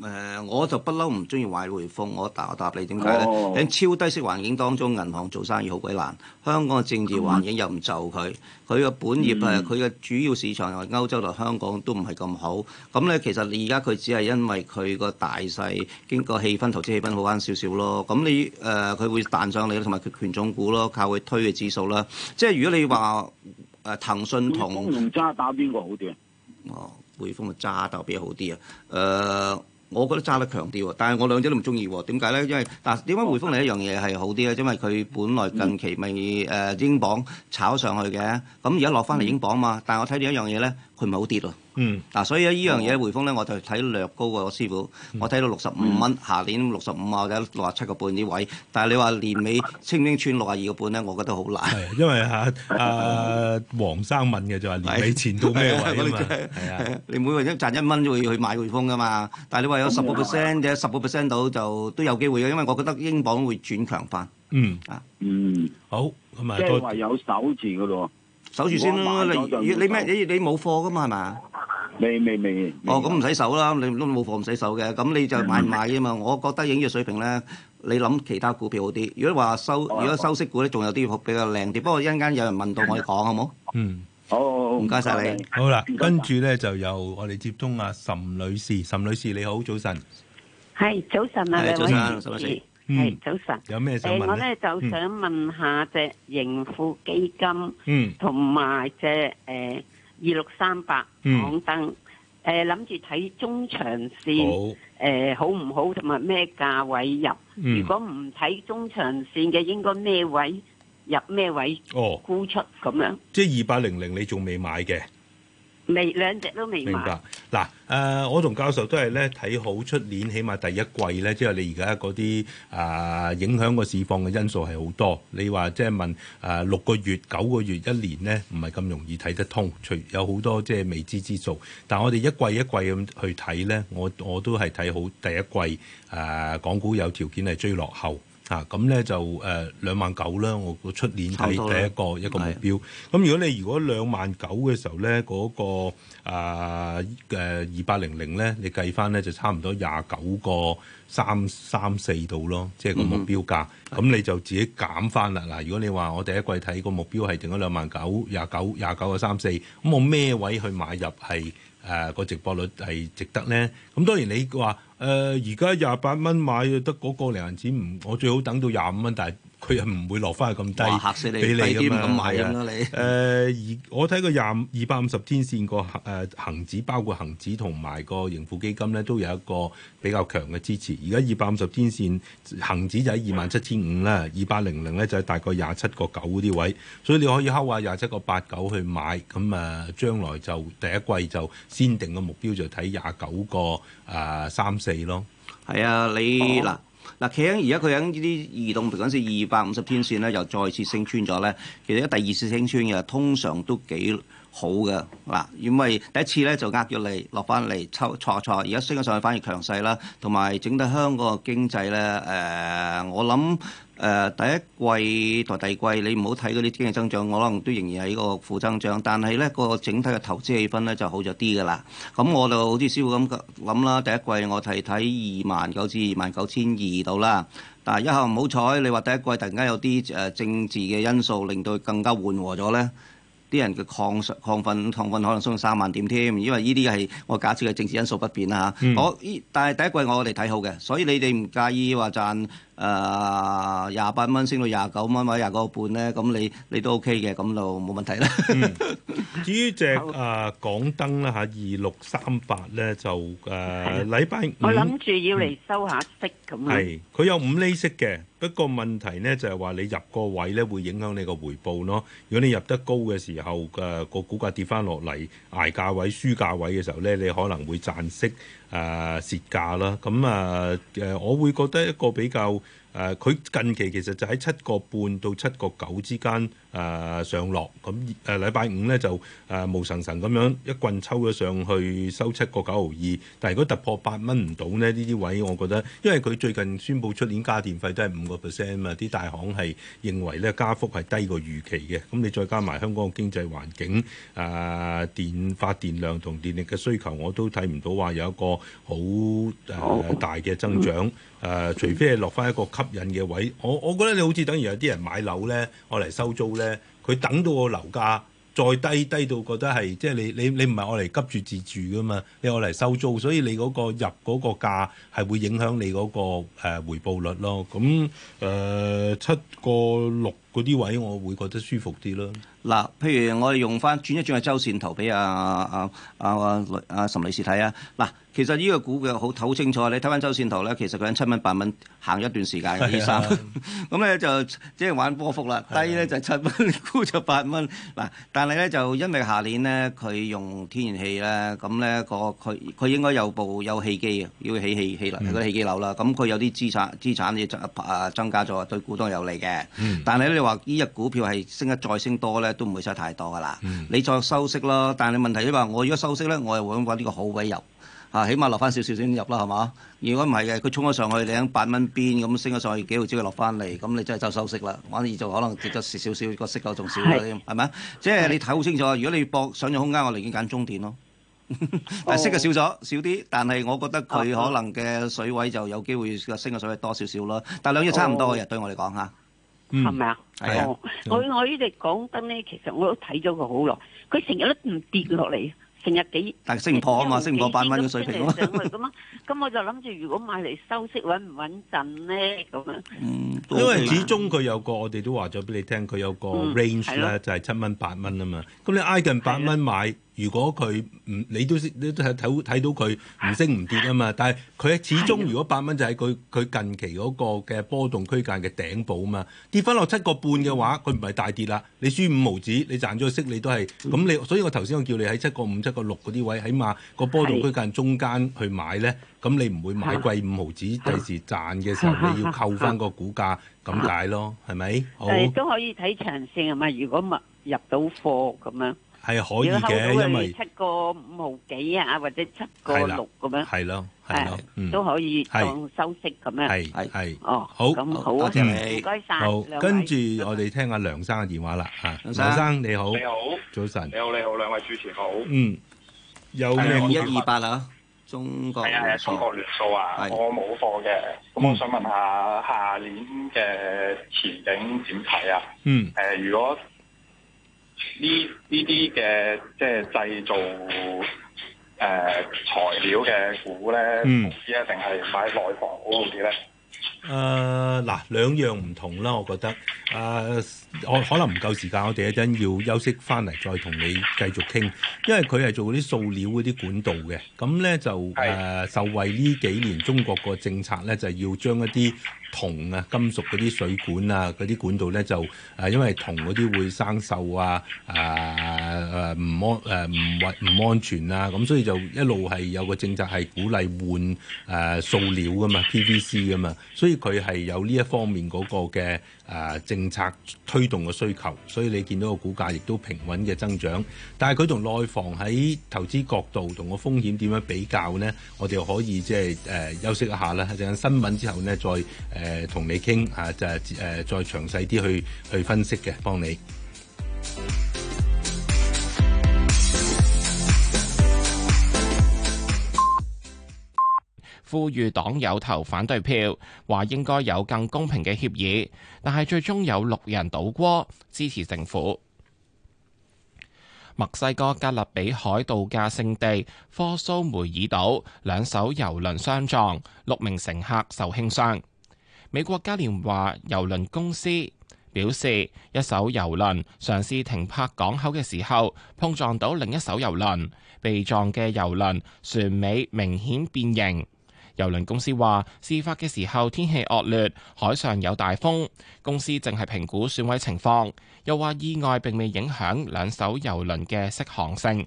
誒，uh, 我就不嬲唔中意玩匯豐，我答我答你點解咧？喺、oh, 超低息環境當中，銀行做生意好鬼難。香港嘅政治環境又唔就佢，佢嘅、嗯、本業誒，佢嘅主要市場係歐洲同香港都唔係咁好。咁咧，其實你而家佢只係因為佢個大勢，經過氣氛，投資氣氛好翻少少咯。咁你誒，佢、呃、會彈上你同埋佢權重股咯，靠佢推嘅指數啦。即係如果你話誒騰訊同渣、嗯嗯、打邊個好啲啊？哦，匯豐嘅揸就比較好啲啊，誒、uh,。我覺得揸得強啲，但係我兩者都唔中意喎。點解呢？因為嗱，點解匯豐另一樣嘢係好啲咧？因為佢本來近期咪、嗯呃、英鎊炒上去嘅，咁而家落翻嚟英鎊嘛。但是我睇另一樣嘢咧。佢唔係好跌咯，嗱，所以呢樣嘢匯豐咧，我就睇略高過我師傅，我睇到六十五蚊，下年六十五啊，或者六十七個半啲位。但係你話年尾清冰穿六十二個半咧，我覺得好難。因為嚇阿黃生問嘅就係年尾前到咩位啊啊，你每個人都賺一蚊就會去買匯豐噶嘛？但係你話有十個 percent 嘅十個 percent 到就都有機會嘅，因為我覺得英鎊會轉強翻。嗯。啊。嗯。好咁啊，即係話有手字嘅咯。守住先啦，你你咩？你你冇貨噶嘛？係咪啊？未未未。哦，咁唔使守啦，你都冇貨唔使守嘅。咁你就買唔買啫嘛？我覺得影業水平咧，你諗其他股票好啲。如果話收，如果收息股咧，仲有啲比較靚啲。不過一陣間有人問到，我哋講好冇？嗯，好好，唔該曬你。好啦，跟住咧就由我哋接通阿岑女士。岑女士你好，早晨。係早晨啊，早晨，岑女士。係，嗯、早晨。有咩？誒、呃，我咧就想問下隻盈富基金，嗯，同埋隻誒二六三八港燈，誒諗住睇中長線，誒、哦呃、好唔好？同埋咩價位入？嗯、如果唔睇中長線嘅，應該咩位入位？咩位？哦，沽出咁樣。即係二八零零，你仲未買嘅？未兩隻都未買。明白嗱，誒、啊、我同教授都係咧睇好出年，起碼第一季咧，即係你而家嗰啲誒影響個市況嘅因素係好多。你話即係問誒、啊、六個月、九個月、一年咧，唔係咁容易睇得通，除有好多即係未知之數。但係我哋一季一季咁去睇咧，我我都係睇好第一季誒、啊、港股有條件係追落後。啊，咁咧就誒兩萬九啦。我我出年睇第，第一個一個目標。咁的如果你如果兩萬九嘅時候咧，嗰、那個啊二八零零咧，你計翻咧就差唔多廿九個三三四度咯，即、就、係、是、個目標價。咁、嗯、你就自己減翻啦。嗱的，如果你話我第一季睇個目標係定咗兩萬九廿九廿九個三四，咁我咩位去買入係？誒、啊那個直播率係值得咧，咁當然你話誒而家廿八蚊買得嗰個零銀錢唔，我最好等到廿五蚊，但係。佢又唔會落翻去咁低，嚇死你，俾你咁買咁咯你。誒二，我睇個廿二百五十天線個誒恆指，包括恒指同埋個盈富基金咧，都有一個比較強嘅支持。而家二百五十天線恒指就喺二萬七千五啦，二八零零咧就喺大概廿七個九嗰啲位，所以你可以敲下廿七個八九去買，咁誒、啊、將來就第一季就先定個目標就睇廿九個誒三四咯。係啊，你嗱。哦啊嗱，企喺而家佢喺呢啲移動嗰陣時二百五十天線咧，又再次升穿咗咧。其實一第二次升穿嘅通常都幾好嘅。嗱，因為第一次咧就呃咗你落翻嚟抽錯錯，而家升咗上去反而強勢啦。同埋整體香港嘅經濟咧，誒、呃，我諗。誒、呃、第一季同第二季，你唔好睇嗰啲經濟增長，我可能都仍然係呢個負增長。但係咧個整體嘅投資氣氛咧就好咗啲㗎啦。咁、嗯、我就好似師傅咁諗啦。第一季我睇睇二萬九至二萬九千二度啦。但係一下唔好彩，你話第一季突然間有啲誒政治嘅因素，令到更加緩和咗咧。啲人嘅亢亢奮亢奮，可能升到三萬點添，因為呢啲係我假設嘅政治因素不變啦嚇。嗯、我但係第一季我哋睇好嘅，所以你哋唔介意話賺。誒廿八蚊升到廿九蚊或者廿九個半咧，咁你你都 OK 嘅，咁就冇問題啦、 *laughs* 嗯。至於隻誒好、啊、港燈啦嚇，二六三八咧就誒禮拜五我諗住要嚟收下息咁啊。佢有五厘息嘅，不過問題咧就係、是、話你入個位咧會影響你個回報咯。如果你入得高嘅時候嘅、啊、個股價跌翻落嚟，捱價位輸價位嘅時候咧，你可能會賺息。誒蝕、啊、價啦，咁、嗯、啊誒、啊，我會覺得一個比較誒，佢、啊、近期其實就喺七個半到七個九之間。誒、呃、上落咁誒，禮拜、呃、五咧就誒、呃、無神神咁樣一棍抽咗上去收七個九毫二，但係如果突破八蚊唔到呢呢啲位我覺得，因為佢最近宣布出年加電費都係五個 percent 啊嘛，啲大行係認為咧加幅係低過預期嘅，咁、嗯、你再加埋香港嘅經濟環境誒、呃、電發電量同電力嘅需求，我都睇唔到話有一個好誒、呃、大嘅增長誒、呃、除非係落翻一個吸引嘅位，我我覺得你好似等於有啲人買樓咧，我嚟收租咧。佢等到個樓價再低低到覺得係，即係你你你唔係我嚟急住自住㗎嘛，你我嚟收租，所以你嗰個入嗰個價係會影響你嗰、嗰個、呃、回報率咯。咁、嗯、誒、嗯呃、七個六嗰啲位，我會覺得舒服啲咯。嗱，譬如我哋用翻轉一轉嘅周線圖俾阿阿阿阿岑女士睇啊。嗱、啊。啊啊其實呢個股嘅好好清楚，你睇翻周線圖咧，其實佢喺七蚊八蚊行咗一段時間嘅啲衫，咁咧 *noise* *laughs* 就即係玩波幅啦。低咧就七蚊，沽就八蚊嗱。但係咧就因為下年咧佢用天然氣咧，咁咧佢佢應該有部有氣機嘅，要起氣氣力啲氣機樓啦。咁佢，mm hmm. 有啲資產資產增啊增加咗，對股東有利嘅。Mm hmm. 但係咧你話呢日股票係升一再升多咧，都唔會使太多噶啦。Mm hmm. 你再收息咯，但係問題你話我如果收息咧，我又揾翻呢個好位入。啊，起碼落翻少少先入啦，係嘛？如果唔係嘅，佢衝咗上去，你喺八蚊邊咁升咗上去幾毫子，落翻嚟，咁你真係就收息啦。反而就可能跌咗少少少個息，夠仲少啲，係咪啊？即係你睇好清楚。如果你要博上漲空間，我寧願揀中電咯。但係息就少咗少啲，但係我覺得佢可能嘅水位就有機會嘅升嘅水位多少少咯。但係兩隻差唔多嘅，對我嚟講嚇，係咪啊？係啊。佢我呢隻港燈咧，其實我都睇咗佢好耐，佢成日都唔跌落嚟。成日幾，但係升唔破啊嘛，升唔破八蚊嘅水平咯，啊。咁我就諗住如果買嚟收息穩唔穩陣咧，咁樣。嗯，因為始終佢有個，我哋都話咗俾你聽，佢有個 range 咧，的就係七蚊八蚊啊嘛。咁你挨近八蚊買。如果佢唔，你都你都睇睇到佢唔升唔跌啊嘛，但係佢始終如果八蚊就係佢佢近期嗰個嘅波動區間嘅頂部啊嘛，跌翻落七個半嘅話，佢唔係大跌啦。你輸五毫子，你賺咗息，你都係咁你。所以我頭先我叫你喺七個五、七個六嗰啲位，起碼個波動區間中間去買咧，咁你唔會買貴五毫子，第時賺嘅時候你要扣翻個股價咁 *laughs* 解咯，係咪？誒都可以睇長線啊嘛，如果入到貨咁樣。係可以嘅，因為七個五毫幾啊，或者七個六咁樣，係咯，係咯，都可以當收息咁樣。係係哦，好，好啊，謝謝，唔該曬。好，跟住我哋聽下梁生嘅電話啦。嚇，梁生你好，你好，早晨，你好你好，兩位主持好，嗯，有兩一二八啊，中國，係啊，中國聯塑啊，我冇貨嘅，咁我想問下下年嘅前景點睇啊？嗯，誒，如果。呢呢啲嘅即係製造誒、呃、材料嘅股咧，投資啊，定係買內房股好啲咧？誒嗱，兩樣唔同啦，我覺得誒我、uh, 可能唔夠時間，我哋一陣要休息翻嚟再同你繼續傾，因為佢係做嗰啲塑料嗰啲管道嘅，咁咧就誒是、uh, 受惠呢幾年中國個政策咧，就係要將一啲銅啊金屬嗰啲水管啊嗰啲管道咧就誒、啊，因為銅嗰啲會生鏽啊誒。啊誒，唔、呃、安誒，唔穩唔安全啊！咁所以就一路係有個政策係鼓勵換誒塑料噶嘛，PVC 噶嘛，所以佢係有呢一方面嗰個嘅誒、呃、政策推動嘅需求，所以你見到個股價亦都平穩嘅增長。但係佢同內房喺投資角度同個風險點樣比較呢？我哋可以即係誒休息一下啦，陣間新聞之後呢，再誒同、呃、你傾吓，就係誒再詳細啲去去分析嘅，幫你。呼籲黨友投反對票，話應該有更公平嘅協議，但係最終有六人倒戈支持政府。墨西哥加勒比海度假勝地科蘇梅爾島兩艘郵輪相撞，六名乘客受輕傷。美國嘉年華郵輪公司表示，一艘郵輪嘗試停泊港口嘅時候，碰撞到另一艘郵輪，被撞嘅郵輪船尾明顯變形。郵輪公司話，事發嘅時候天氣惡劣，海上有大風。公司正係評估損毀情況，又話意外並未影響兩艘郵輪嘅適航性。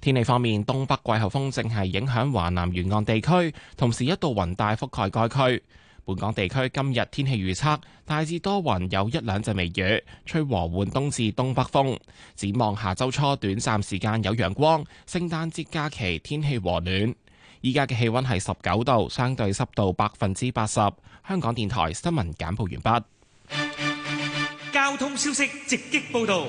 天氣方面，東北季候風正係影響華南沿岸地區，同時一道雲帶覆蓋該區。本港地區今日天氣預測大致多雲，有一兩陣微雨，吹和緩東至東北風。展望下周初短暫時間有陽光，聖誕節假期天氣和暖。依家嘅氣溫係十九度，相對濕度百分之八十。香港電台新聞簡報完畢。交通消息直擊報道。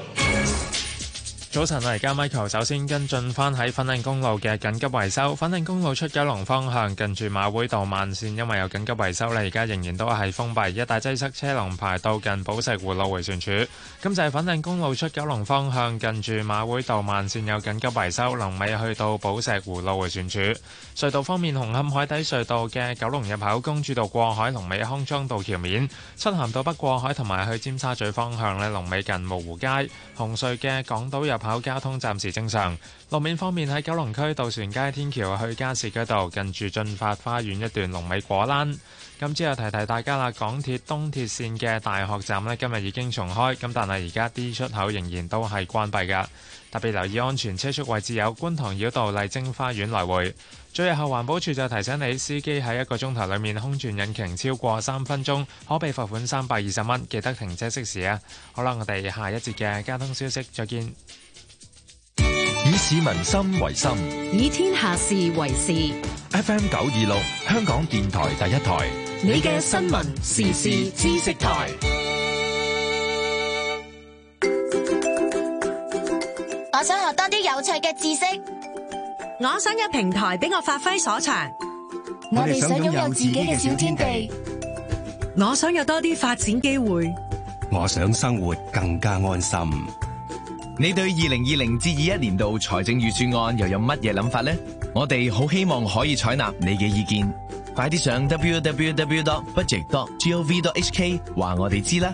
早晨，我哋而家 Michael 首先跟進翻喺粉嶺公路嘅緊急維修。粉嶺公路出九龍方向，近住馬會道慢線，因為有緊急維修，咧而家仍然都係封閉，一帶擠塞車龍排到近寶石湖路迴旋處。咁就係粉嶺公路出九龍方向，近住馬會道慢線有緊急維修，龍尾去到寶石湖路迴旋處。隧道方面，紅磡海底隧道嘅九龍入口公主道過海，龍尾康莊道橋面；漆咸道北過海同埋去尖沙咀方向咧，龍尾近蕪湖街。紅隧嘅港島入口。口交通暫時正常。路面方面，喺九龍區渡船街天橋去加士居道，近住進發花園一段，龍尾果欄。咁之後提提大家啦，港鐵東鐵線嘅大學站呢，今日已經重開，咁但係而家 D 出口仍然都係關閉嘅。特別留意安全車速位置，有觀塘繞道麗晶花園來回。最後，環保署就提醒你，司機喺一個鐘頭裡面空轉引擎超過三分鐘，可被罰款三百二十蚊。記得停車熄匙啊！好啦，我哋下一節嘅交通消息再見。以市民心為心，以天下事為事。FM 九二六，香港電台第一台，你嘅新聞時事知識台。我想學多啲有趣嘅知識。我想有平台俾我發揮所長。我哋想擁有自己嘅小天地。我想有多啲發展機會。我想生活更加安心。你對二零二零至二一年度財政預算案又有乜嘢諗法咧？我哋好希望可以採納你嘅意見，快啲上 www.budget.gov.hk 話我哋知啦。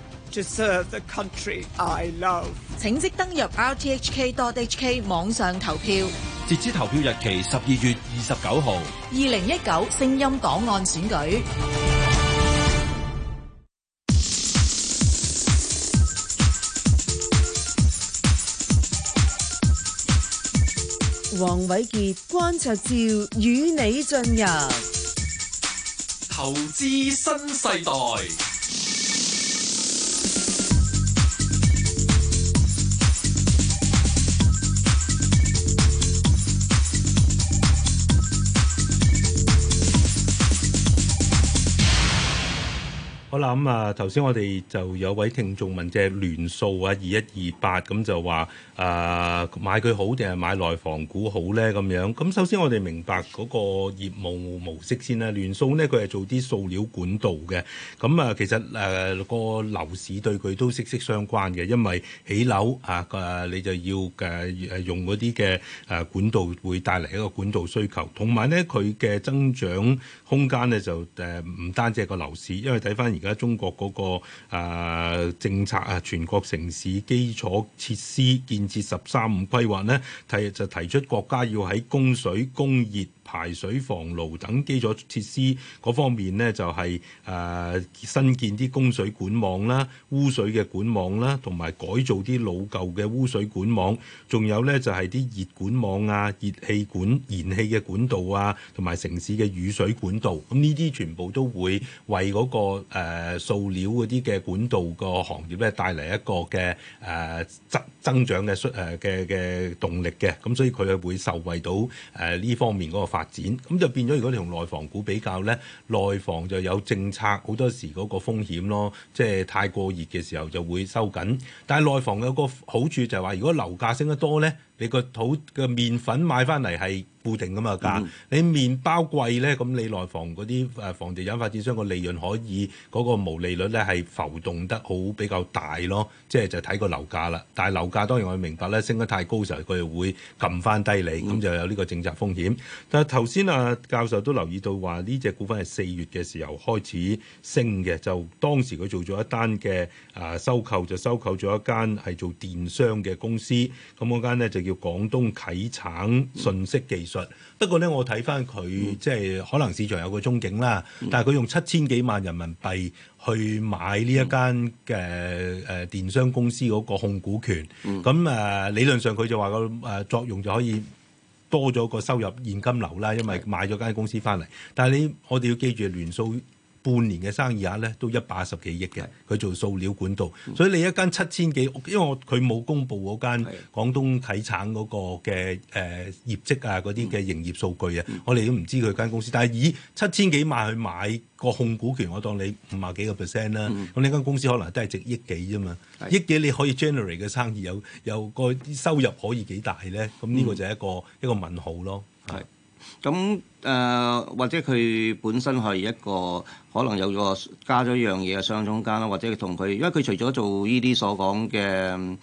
請即登入 rthk.hk 網上投票，截止投票日期十二月二十九號。二零一九聲音檔案選舉，黃瑋傑關焯照與你進入，投資新世代。好啦，咁啊、嗯，頭先我哋就有位聽眾問即聯塑啊，二一二八，咁就話啊、呃，買佢好定係買內房股好咧？咁樣咁首先我哋明白嗰個業務模式先啦。聯塑咧，佢係做啲塑料管道嘅，咁、嗯、啊，其實誒、呃、個樓市對佢都息息相關嘅，因為起樓啊，誒你就要誒誒、啊、用嗰啲嘅誒管道會帶嚟一個管道需求，同埋咧佢嘅增長空間咧就誒唔單止係個樓市，因為睇翻。而家中國嗰個、呃、政策啊，全國城市基礎設施建設十三五規劃咧，提就提出國家要喺供水、供熱、排水、防澇等基礎設施嗰方面咧，就係、是、誒、呃、新建啲供水管網啦、污水嘅管網啦，同埋改造啲老舊嘅污水管網，仲有咧就係啲熱管網啊、熱氣管、燃氣嘅管道啊，同埋城市嘅雨水管道。咁呢啲全部都會為嗰、那個誒、呃、塑料嗰啲嘅管道個行業咧帶嚟一個嘅誒增增長嘅誒嘅嘅動力嘅。咁所以佢係會受惠到誒呢、呃、方面嗰個發展咁就變咗，如果你同內房股比較咧，內房就有政策，好多時嗰個風險咯，即係太過熱嘅時候就會收緊。但係內房有個好處就係話，如果樓價升得多咧，你個土嘅麵粉買翻嚟係。固定咁啊，價你麵包貴咧，咁你內房嗰啲誒，房地產發展商個利潤可以嗰、那個毛利率咧係浮動得好比較大咯，即係就睇個樓價啦。但係樓價當然我哋明白咧，升得太高時候佢哋會撳翻低你，咁、嗯、就有呢個政策風險，但係頭先啊，教授都留意到話呢隻股份係四月嘅時候開始升嘅，就當時佢做咗一單嘅誒收購，就收購咗一間係做電商嘅公司，咁嗰間咧就叫廣東啟橙信息技術。嗯不過咧，我睇翻佢即係可能市場有個憧憬啦，但係佢用七千幾萬人民幣去買呢一間嘅誒電商公司嗰個控股權，咁誒、啊、理論上佢就話個誒作用就可以多咗個收入現金流啦，因為買咗間公司翻嚟。但係你我哋要記住聯數。半年嘅生意額咧都一百十幾億嘅，佢是做塑料管道，嗯、所以你一間七千幾，因為我佢冇公布嗰間廣東體產嗰個嘅誒、呃、業績啊嗰啲嘅營業數據啊，嗯、我哋都唔知佢間公司。但係以七千幾萬去買個控股權，我當你五萬幾個 percent 啦，咁呢間公司可能都係值億幾啫嘛，是億幾你可以 generate 嘅生意有有，有個收入可以幾大咧？咁呢個就係一個、嗯、一個問號咯是，係。咁誒，或者佢本身係一個可能有個加咗一樣嘢嘅商中間啦，或者同佢，因為佢除咗做呢啲所講嘅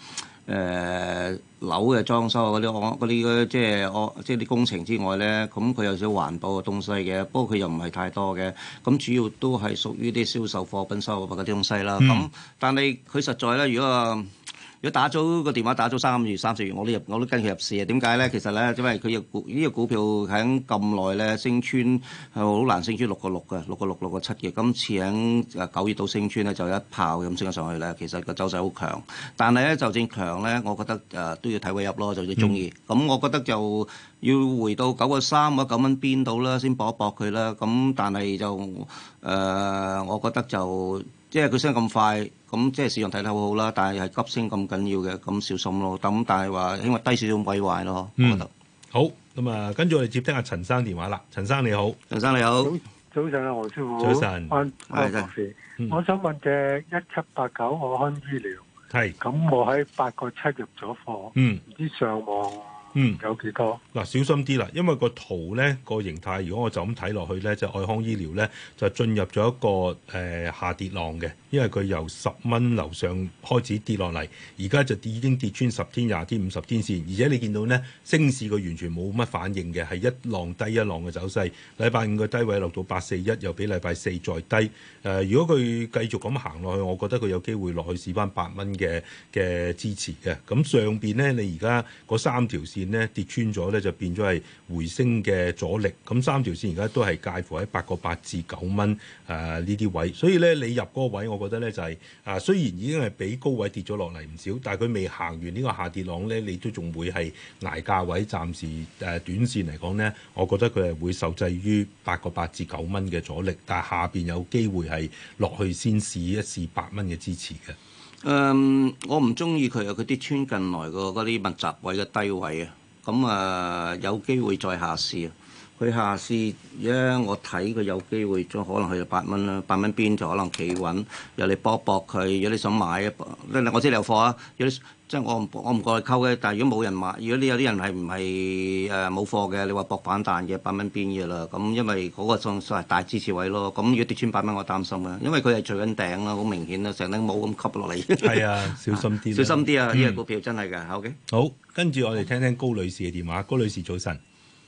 誒樓嘅裝修啊嗰啲，我嗰啲即係我即係啲工程之外咧，咁佢有少少環保嘅東西嘅，不過佢又唔係太多嘅，咁主要都係屬於啲銷售貨品、收入嘅東西啦。咁但係佢實在咧，如果話，如果打咗個電話打咗三月、三四月，我都入，我都跟佢入市啊！點解咧？其實咧，因為佢依個股，這個股票喺咁耐咧，升穿係好難升穿六個六嘅，六個六、六個七嘅。今次喺九月到升穿咧，就一炮咁升咗上去咧。其實個走勢好強，但係咧就正強咧，我覺得誒、呃、都要睇位入咯，就最中意。咁、嗯嗯、我覺得就要回到九個三或者九蚊邊度啦，先搏一搏佢啦。咁但係就誒、呃，我覺得就即係佢升咁快。咁即係市場睇得好好啦，但係係急先咁緊要嘅，咁小心咯。咁但係話，因為低少少毀壞咯，我覺得。好咁啊，跟住我哋接聽阿陳生電話啦。陳生你好，陳生你好，早晨啊，黃師傅，早晨上，係黃師。的我想問嘅一七八九，愛康醫療，係咁、嗯、我喺八個七入咗貨，唔知上網。嗯，有幾多嗱？小心啲啦，因為個圖咧、個形態，如果我就咁睇落去咧，就愛康醫療咧就進入咗一個誒下跌浪嘅，因為佢由十蚊樓上開始跌落嚟，而家就已經跌穿十天、廿天、五十天線，而且你見到咧升市佢完全冇乜反應嘅，係一浪低一浪嘅走勢。禮拜五嘅低位落到八四一，又比禮拜四再低。誒，如果佢繼續咁行落去，我覺得佢有機會落去試翻八蚊嘅嘅支持嘅。咁上邊咧，你而家嗰三條線，跌穿咗咧，就變咗係回升嘅阻力。咁三條線而家都係介乎喺八個八至九蚊啊，呢啲位，所以咧你入嗰個位，我覺得咧就係、是、啊、呃，雖然已經係比高位跌咗落嚟唔少，但係佢未行完呢個下跌浪咧，你都仲會係挨價位。暫時誒、呃、短線嚟講咧，我覺得佢係會受制於八個八至九蚊嘅阻力，但係下邊有機會係落去先試一試八蚊嘅支持嘅。誒，um, 我唔中意佢啊！佢啲穿近來個嗰啲密集位嘅低位啊，咁啊、uh, 有機會再下試啊！佢下次，咧，我睇佢有機會，將可能去到八蚊啦，八蚊邊就可能企穩。由你搏一搏佢，如果你想買啊，我知你有貨啊。如果你即係我唔我唔過去溝嘅，但係如果冇人買，如果你有啲人係唔係誒冇貨嘅，你話搏反彈嘅八蚊邊嘅啦。咁因為嗰個算係大支持位咯。咁如果跌穿八蚊，我擔心啦，因為佢係除緊頂啦，好明顯啊，成頂帽咁吸落嚟。係啊，小心啲、啊，小心啲啊！呢個、嗯、股票真係㗎，好嘅。好，跟住我哋聽聽高女士嘅電話。高女士早晨。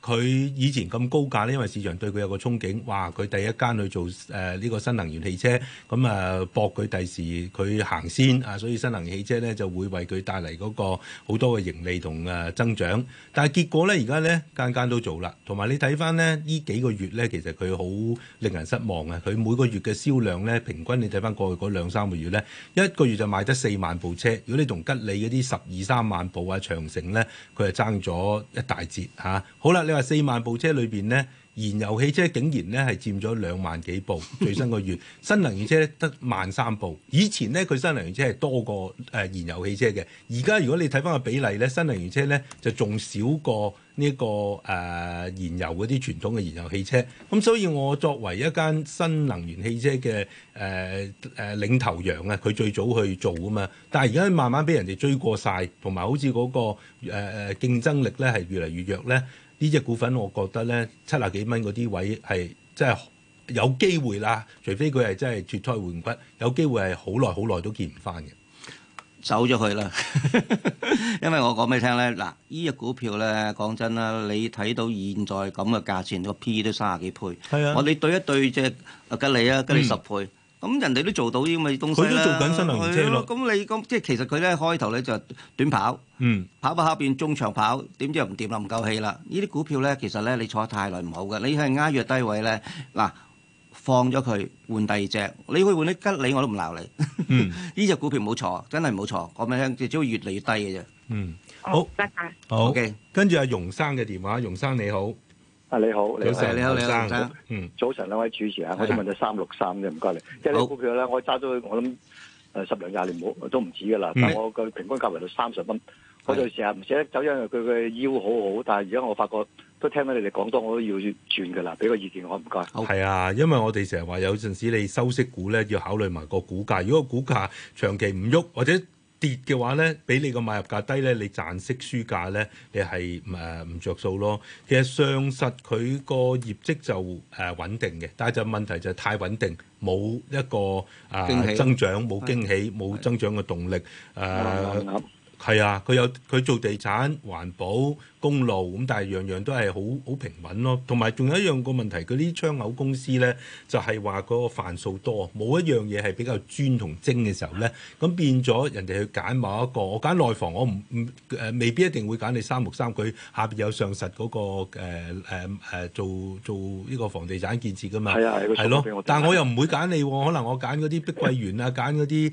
佢以前咁高價呢，因為市場對佢有個憧憬，哇！佢第一間去做誒呢、呃這個新能源汽車，咁、嗯、啊搏佢第時佢行先啊，所以新能源汽車咧就會為佢帶嚟嗰個好多嘅盈利同誒、呃、增長。但係結果咧，而家咧間間都做啦，同埋你睇翻咧呢幾個月咧，其實佢好令人失望呀。佢每個月嘅銷量咧，平均你睇翻過去嗰兩三個月咧，一個月就賣得四萬部車。如果你同吉利嗰啲十二三萬部啊，長城咧，佢係爭咗一大截嚇、啊。好啦，你四萬部車裏邊咧，燃油汽車竟然咧係佔咗兩萬幾部。最新個月，新能源車得萬三部。以前咧，佢新能源車係多過誒燃油汽車嘅。而家如果你睇返個比例咧，新能源車咧就仲少過呢個誒燃油嗰啲傳統嘅燃油汽車。咁所以，我作為一間新能源汽車嘅誒誒領頭羊啊，佢最早去做啊嘛。但係而家慢慢俾人哋追過晒，同埋好似嗰個誒誒競爭力咧係越嚟越弱咧。呢隻股份我覺得咧，七十幾蚊嗰啲位係真係有機會啦，除非佢係真係脫胎換骨，有機會係好耐好耐都見唔返嘅，走咗去啦。 *laughs* 因為我講俾你聽咧，嗱，呢隻股票咧講真啦，你睇到現在咁嘅價錢，個 P 都三十幾倍。係啊，我哋對一對隻吉利啊，吉利十倍。嗯咁人哋都做到啲咁嘅東西啦，佢都做緊新能源車咯。咁你咁即係其實佢咧開頭咧就短跑，嗯，跑跑下變中長跑，點知又唔掂啦，唔夠氣啦。呢啲股票咧，其實咧你坐太耐唔好嘅。你係壓弱低位咧，嗱，放咗佢換第二隻，你去換啲吉利我都唔鬧你。嗯，呢隻股票冇錯，真係冇錯，咁樣越走越嚟越低嘅啫。嗯，好，好，OK。跟住阿容生嘅電話，容生你好。啊你好，多謝上你好，李生上，早晨上，兩、嗯、位主持啊，我想問下三六三嘅，唔該你，即係啲股票咧，我揸咗我諗誒十零廿年冇，都唔止噶啦，嗯、但我嘅平均價喺度三十蚊，的我就成日唔捨得走，因為佢嘅腰好好，但係而家我發覺都聽緊你哋講多，我都要轉噶啦，俾個意見我，唔該。係啊好，因為我哋成日話有陣時你收息股咧，要考慮埋個股價，如果股價長期唔喐或者，跌嘅話咧，比你個買入價低咧，你賺息輸價咧，你係誒唔着數咯。其實上實佢個業績就誒、呃、穩定嘅，但係就問題就係太穩定，冇一個誒、呃、增長，冇驚喜，冇的增長嘅動力。誒的，係啊、呃，佢有佢做地產、環保。公路咁，但係樣樣都係好好平穩咯。同埋仲有一樣個問題，嗰啲窗口公司咧，就係、是、話個範數多，冇一樣嘢係比較專同精嘅時候咧，咁變咗人哋去揀某一個。我揀內房，我唔唔誒，未必一定會揀你三六三佢，下邊有上實嗰、那個誒誒、呃、做做呢個房地產建設噶嘛。係啊，係咯，我但我又唔會揀你喎。可能我揀嗰啲碧桂園啊，揀嗰啲誒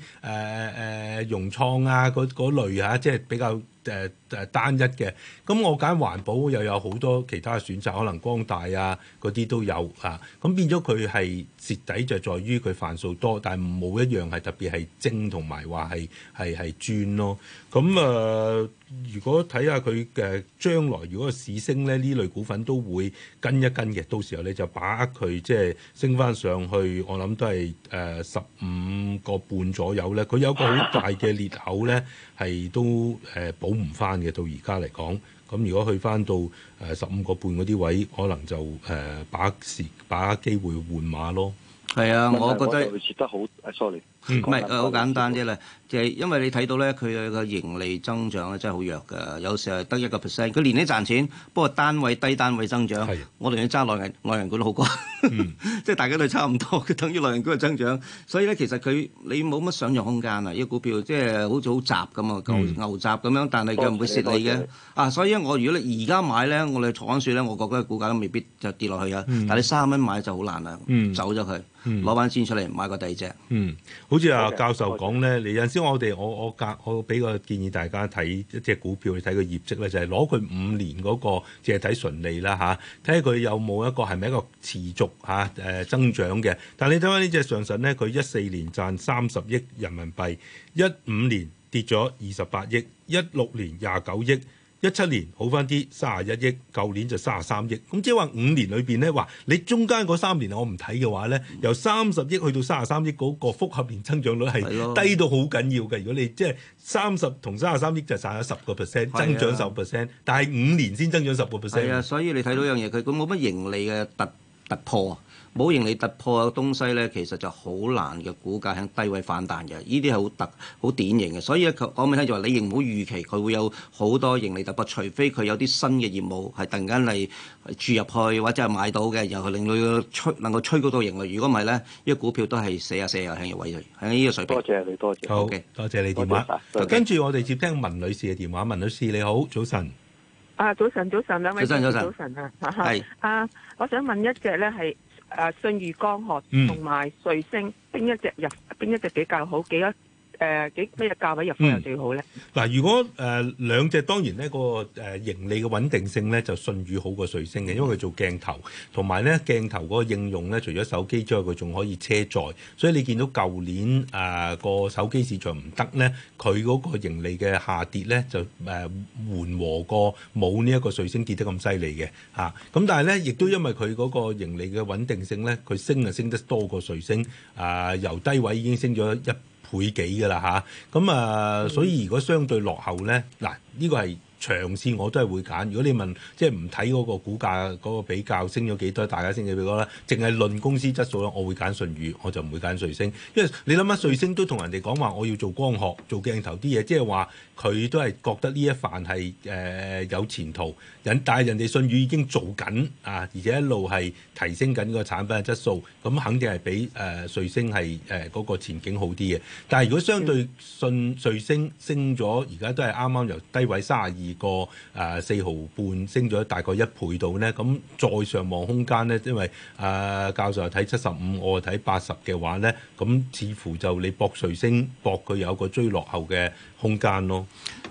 誒融創啊，嗰嗰類嚇、啊，即係比較。誒誒、呃呃、單一嘅，咁我揀環保又有好多其他嘅選擇，可能光大啊嗰啲都有啊，咁變咗佢係蝕底就在於佢範數多，但係冇一樣係特別係精同埋話係係係專咯。咁誒、嗯，如果睇下佢嘅將來，如果市升咧，呢類股份都會跟一跟嘅。到時候你就把握佢即係升翻上去，我諗都係誒十五個半左右咧。佢有個好大嘅裂口咧，係 *laughs* 都誒補唔翻嘅。到而家嚟講，咁、嗯、如果去翻到誒十五個半嗰啲位，可能就誒、呃、把時把握機會換馬咯。係啊，我覺得就蝕得好。誒，sorry。唔係誒，好簡單啫啦，就係因為你睇到咧，佢有個盈利增長咧，真係好弱嘅，有時係得一個 percent。佢年年賺錢，不過單位低單位增長。我同你揸內銀內銀股都好過，即係大家都差唔多，佢等於內銀股嘅增長。所以咧，其實佢你冇乜想像空間啊，依個股票即係好似好雜咁啊，牛牛雜咁樣，但係佢唔會蝕你嘅。啊，所以我如果你而家買咧，我哋坐穩船咧，我覺得個股價都未必就跌落去啊。但係你三蚊買就好難啦，走咗佢，攞翻錢出嚟買個第二隻。好似阿教授講咧，你有陣時我哋我我隔我俾個建議大家睇一隻股票，你睇佢業績咧，就係攞佢五年嗰個淨係睇純利啦嚇，睇下佢有冇一個係咪一個持續嚇誒增長嘅。但你睇翻呢隻上實咧，佢一四年賺三十億人民幣，一五年跌咗二十八億，一六年廿九億。一七年好翻啲，三十一億，舊年就三十三億，咁即係話五年裏邊咧，話你中間嗰三年我唔睇嘅話咧，由三十億去到三十三億嗰個複合年增長率係低到好緊要嘅。如果你即係三十同三十三億就賺咗十個 percent 增長十 percent，啊、但係五年先增長十個 percent。係啊，所以你睇到樣嘢，佢佢冇乜盈利嘅突突破、啊。冇盈利突破嘅東西咧，其實就好難嘅股價向低位反彈嘅。呢啲係好特、好典型嘅。所以咧講畀你聽就話，你亦唔好預期佢會有好多盈利突破，除非佢有啲新嘅業務係突然間嚟注入去或者係買到嘅，又令到佢能夠吹嗰度盈利。如果唔係咧，呢、呢個股票都係死啊死啊，向入位向呢個水平。多謝你，多謝。好嘅，多謝你電話。跟住我哋接聽文女士嘅電話，文女士你好，早晨。啊，早晨，早晨，兩位早，早，晨早晨，早晨啊，係是。啊，我想問一隻咧係。誒、啊、舜宇光學同埋瑞星，邊一隻入？邊一隻比較好？幾多？誒幾咩價位入貨又最好咧？嗱、嗯，如果誒兩隻當然呢、嗰個誒盈利嘅穩定性咧就舜宇好過瑞星嘅，因為佢做鏡頭，同埋咧鏡頭嗰個應用咧，除咗手機之外，佢仲可以車載，所以你見到舊年啊個、呃、手機市場唔得咧，佢嗰個盈利嘅下跌咧就誒緩、呃、和過冇呢一個瑞星跌得咁犀利嘅嚇。咁、啊、但係咧，亦都因為佢嗰個盈利嘅穩定性咧，佢升啊升得多過瑞星啊、呃，由低位已經升咗一倍幾㗎喇吓，咁啊，所以如果相對落後咧，嗱，呢個係。長線我都係會揀。如果你問即係唔睇嗰個股價嗰個比較，升咗幾多，大家升幾多咧？淨係論公司質素咧，我會揀舜宇，我就唔會揀瑞聲。因為你諗下，瑞聲都同人哋講話，我要做光學、做鏡頭啲嘢，即係話佢都係覺得呢一範係誒有前途。但人但係人哋舜宇已經做緊啊，而且一路係提升緊嗰個產品嘅質素，咁肯定係比誒、呃、瑞聲係誒嗰個前景好啲嘅。但係如果相對舜瑞聲升咗，而家都係啱啱由低位卅二，個誒四毫半升咗大概一倍度呢，咁再上望空間呢，因為誒、呃、教授 75, 話睇七十五，我睇八十嘅話呢，咁似乎就你博瑞升，博佢有個追落後嘅空間咯。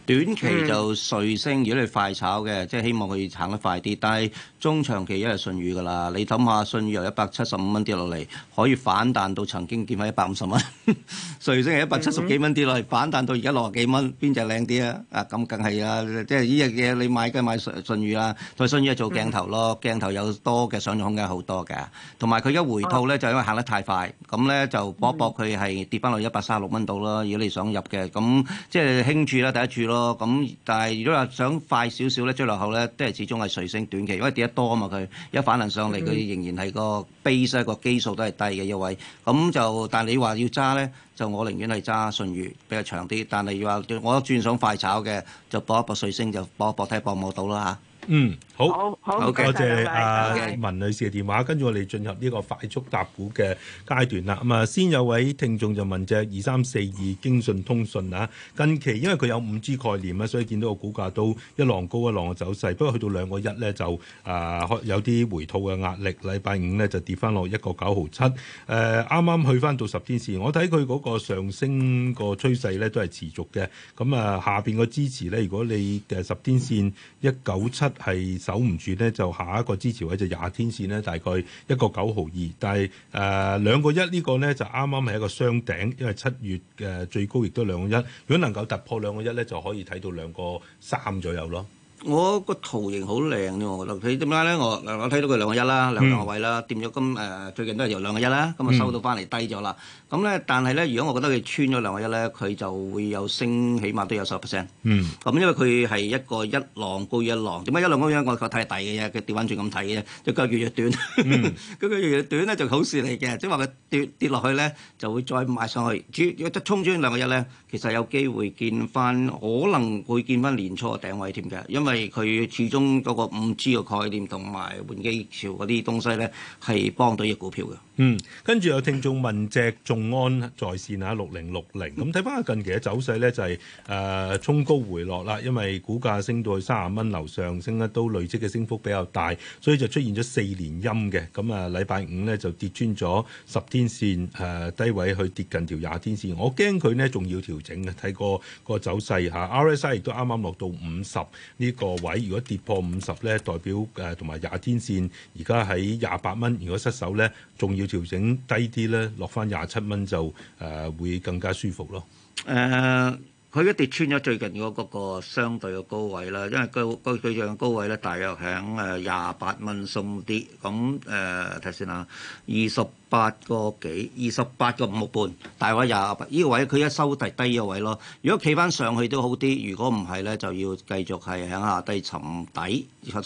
短期就瑞聲，嗯、如果你快炒嘅，即、就、係、是、希望佢行得快啲。但係中長期一係舜宇㗎啦，你諗下，舜宇由一百七十五蚊跌落嚟，可以反彈到曾經見翻一百五十蚊， *laughs* 瑞聲係一百七十幾蚊跌落嚟，反彈到而家六啊幾蚊，邊隻靚啲啊？啊，咁梗係啊，即係呢樣嘢你買梗買信舜宇啦。對舜宇做鏡頭咯，鏡頭有多嘅想像空間好多㗎。同埋佢一回吐咧，哦、就因為行得太快，咁咧就搏一搏佢係跌翻落一百三十六蚊度啦。如果你想入嘅，咁即係輕注啦，第一注咯。咁但係如果話想快少少咧，追落後咧，都係始終係瑞星短期，因為跌得多啊嘛，佢一反彈上嚟，佢仍然係個 basic 基數都係低嘅一位。咁就但係你話要揸咧，就我寧願係揸信譽比較長啲。但係要話我一轉想快炒嘅，就搏一搏瑞星，就搏一搏睇博冇到啦嚇。嗯，好，好，多謝阿謝、啊、文女士嘅電話，跟住我哋進入呢個快速答股嘅階段啦。咁、嗯、啊，先有位聽眾就問隻，二三四二京信通信啊，近期因為佢有五 G 概念啊，所以見到個股價都一浪高一浪嘅走勢。不過去到兩個一呢，就啊，有啲回吐嘅壓力。禮拜五呢，就跌翻落一個九毫七。誒，啱啱去翻到十天線，我睇佢嗰個上升個趨勢呢，都係持續嘅。咁啊，下邊個支持呢，如果你嘅十天線一九七。係守唔住咧，就下一個支持位就廿天線咧，大概一、呃、個九毫二。但係誒兩個一呢個咧，就啱啱係一個雙頂，因為七月嘅、呃、最高亦都兩個一。如果能夠突破兩個一咧，就可以睇到兩個三左右咯。我個圖形好靚啫，我覺得。佢點解咧？我我睇到佢兩個一啦，兩個位啦，掂咗金誒，最近都係由兩個一啦，咁啊收到翻嚟低咗啦。咁咧，但係咧，如果我覺得佢穿咗兩個一咧，佢就會有升，起碼都有十 percent。嗯。咁因為佢係一個一浪高一浪，點解一浪高一浪我覺得太大嘅嘢？佢跌翻轉咁睇嘅，就腳越嚟越短。嗯。咁佢越嚟越短咧，就好事嚟嘅，即係話佢跌跌落去咧，就會再買上去。如果得衝穿兩個一咧，其實有機會見翻，可能會見翻年初嘅頂位添嘅，因因為佢始終嗰個五 G 嘅概念同埋換機潮嗰啲東西咧，係幫到隻股票嘅。嗯，跟住有聽眾問隻眾安在線啊，六零六零，咁睇翻近期嘅走勢咧，就係誒衝高回落啦，因為股價升到去卅蚊樓上，升咧都累積嘅升幅比較大，所以就出現咗四連陰嘅，咁啊禮拜五咧就跌穿咗十天線誒、呃、低位去跌近條廿天線，我驚佢呢仲要調整嘅，睇過個，個走勢嚇、啊，RSI 亦都啱啱落到五十呢個位，如果跌破五十咧，代表誒同埋廿天線而家喺廿八蚊，如果失守咧仲要。調整低啲咧，落翻廿七蚊就誒、呃、會更加舒服咯。誒、呃，佢一跌穿咗最近嗰個相對嘅高位啦，因為高高最近嘅高位咧，大約響誒廿八蚊鬆啲。咁誒，睇先啊，二十。八個幾二十八個五六半，大位廿八，呢、呢個位佢一收低低低個位咯。如果企翻上去都好啲，如果唔係咧就要繼續係喺下低沉底，沉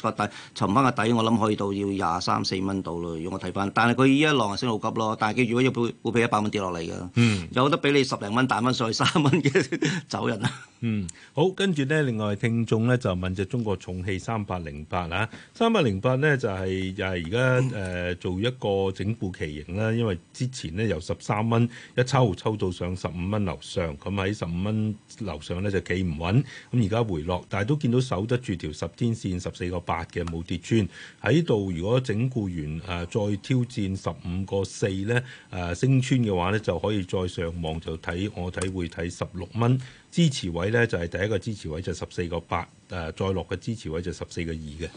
翻個底。我諗可以到要廿三四蚊度咯。如果我睇翻，但係佢依一浪先好急咯。但係佢如果要補補平一百蚊跌落嚟嘅，有得俾你十零蚊、彈翻上去，三蚊嘅走人啦。嗯，好，跟住呢，另外聽眾呢就問隻中國重汽三八零八啦，三八零八呢就係又係而家誒做一個整固期型啦，因為之前呢由十三蚊一抽抽到上十五蚊樓上，咁喺十五蚊樓上呢就企唔穩，咁而家回落，但係都見到守得住條十天線十四個八嘅冇跌穿喺度，如果整固完誒、呃、再挑戰十五個四呢誒、呃、升穿嘅話呢，就可以再上望就睇我睇會睇十六蚊支持位。咧就係第一個支持位就十四個八，誒再落嘅支持位就十四個二嘅。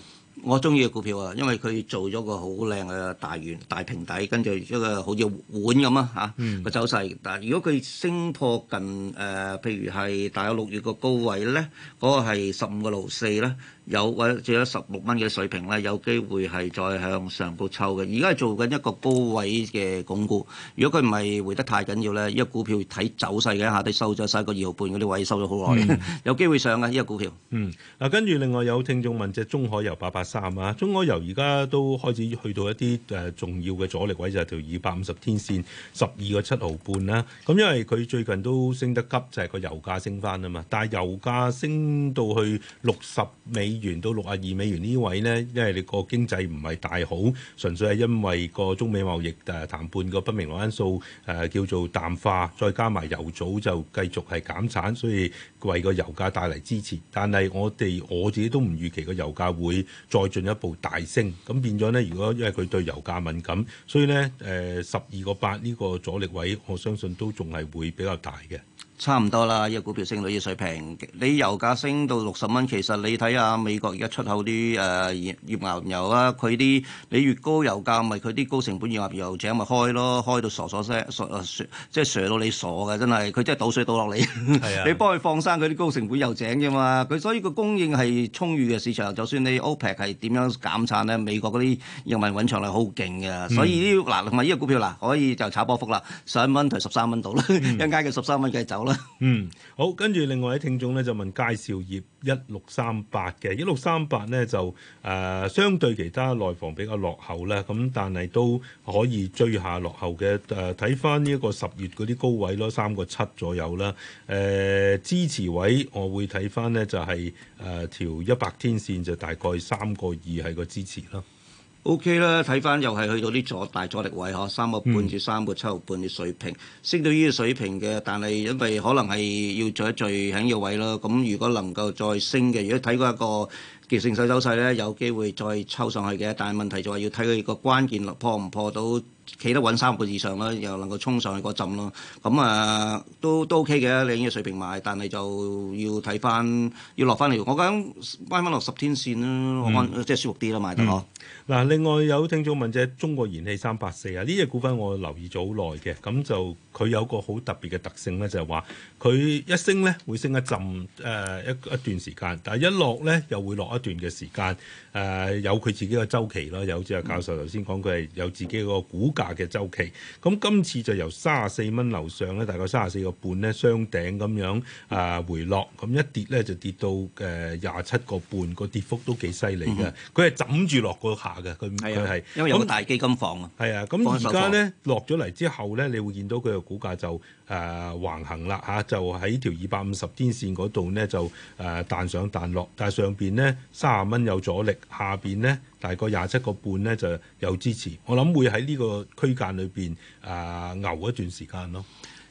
我中意嘅股票啊，因為佢做咗個好靚嘅大圓、大平底，跟住一個好似碗咁啊嚇個、嗯、走勢。但係如果佢升破近誒、呃，譬如係大約六月個高位咧，嗰、那個係十五個六四咧，有或者最多十六蚊嘅水平咧，有機會係再向上高抽嘅。而家係做緊一個高位嘅鞏固。如果佢唔係回得太緊要咧，依、這個股票睇走勢嘅，下低收咗晒個二毫半嗰啲位收咗好耐，嗯、 *laughs* 有機會上嘅依、這個股票。嗯，嗱跟住另外有聽眾問隻中海油八八。三啊，中海油而家都開始去到一啲誒重要嘅阻力位，就係條二百五十天線十二個七毫半啦。咁因為佢最近都升得急，就係、是、個油價升返啊嘛。但係油價升到去六十美元到六啊二美元呢位呢，因為你個經濟唔係大好，純粹係因為個中美貿易誒談判個不明朗因素誒、呃、叫做淡化，再加埋油組就繼續係減產，所以為個油價帶嚟支持。但係我哋我自己都唔預期個油價會，再進一步大升，咁變咗呢，如果因為佢對油價敏感，所以呢，誒十二個八呢個阻力位，我相信都仲係會比較大嘅。差唔多啦，依個股票升到依個水平。你油價升到六十蚊，其實你睇下美國而家出口啲誒頁頁岩油啊，佢啲你越高油價，咪佢啲高成本頁岩油井咪開咯，開到傻傻聲，即係傻到你傻嘅真係，佢真係倒水倒落嚟，你幫佢放生佢啲高成本油井啫嘛。佢所以個供應係充裕嘅市場，就算你 OPEC 係點樣減產咧，美國嗰啲人民揾場係好勁嘅，所以啲嗱同埋依個股票嗱，可以就炒波幅啦，十一蚊抬十三蚊到啦，一陣間嘅十三蚊嘅走啦。嗯，好，跟住另外啲聽眾咧就問佳兆業一六三八嘅一六三八咧就誒、呃、相對其他內房比較落後咧，咁但係都可以追下落後嘅誒。睇翻呢一個十月嗰啲高位咯，三個七左右啦。誒、呃、支持位，我會睇翻咧就係、是、誒、呃、條一百天線就大概三個二係個支持啦。O K 啦，睇翻、okay、又係去到啲左大阻力位呵，三個半至三個七毫半嘅水平、嗯、升到呢個水平嘅，但係因為可能係要做一最呢要位咯。咁如果能夠再升嘅，如果睇過一個極性勢走勢咧，有機會再抽上去嘅。但係問題就係要睇佢個關鍵破唔破到企得穩三個以上啦，又能夠衝上去嗰陣咯。咁啊、呃、都都 O K 嘅，你呢個水平買，但係就要睇翻要落翻嚟。我講關翻落十天線啦，我、嗯、即係舒服啲啦，買得呵。嗯。嗱，另外有聽眾問隻中國燃氣三八四啊，呢隻股份我留意咗好耐嘅，咁就佢有個好特別嘅特性咧，就係話佢一升咧會升一陣誒、呃、一一段時間，但係一落咧又會落一段嘅時間，誒、啊、有佢自己嘅周期咯、啊，有好似阿教授頭先講佢係有自己個股價嘅周期。咁、啊、今次就由三十四蚊樓上咧，大概三十四個半咧雙頂咁樣啊回落，咁、啊、一跌咧就跌到誒廿七個半，個跌幅都幾犀利嘅，佢係枕住落個下。嘅佢佢係因為有大基金房，啊那，係啊，咁而家咧落咗嚟之後咧，你會見到佢嘅股價就誒、呃、橫行啦嚇、啊，就喺條二百五十天線嗰度呢，就誒、呃、彈上彈落，但係上邊呢，三十蚊有阻力，下邊呢，大概廿七個半呢就有支持，我諗會喺呢個區間裏邊誒牛一段時間咯。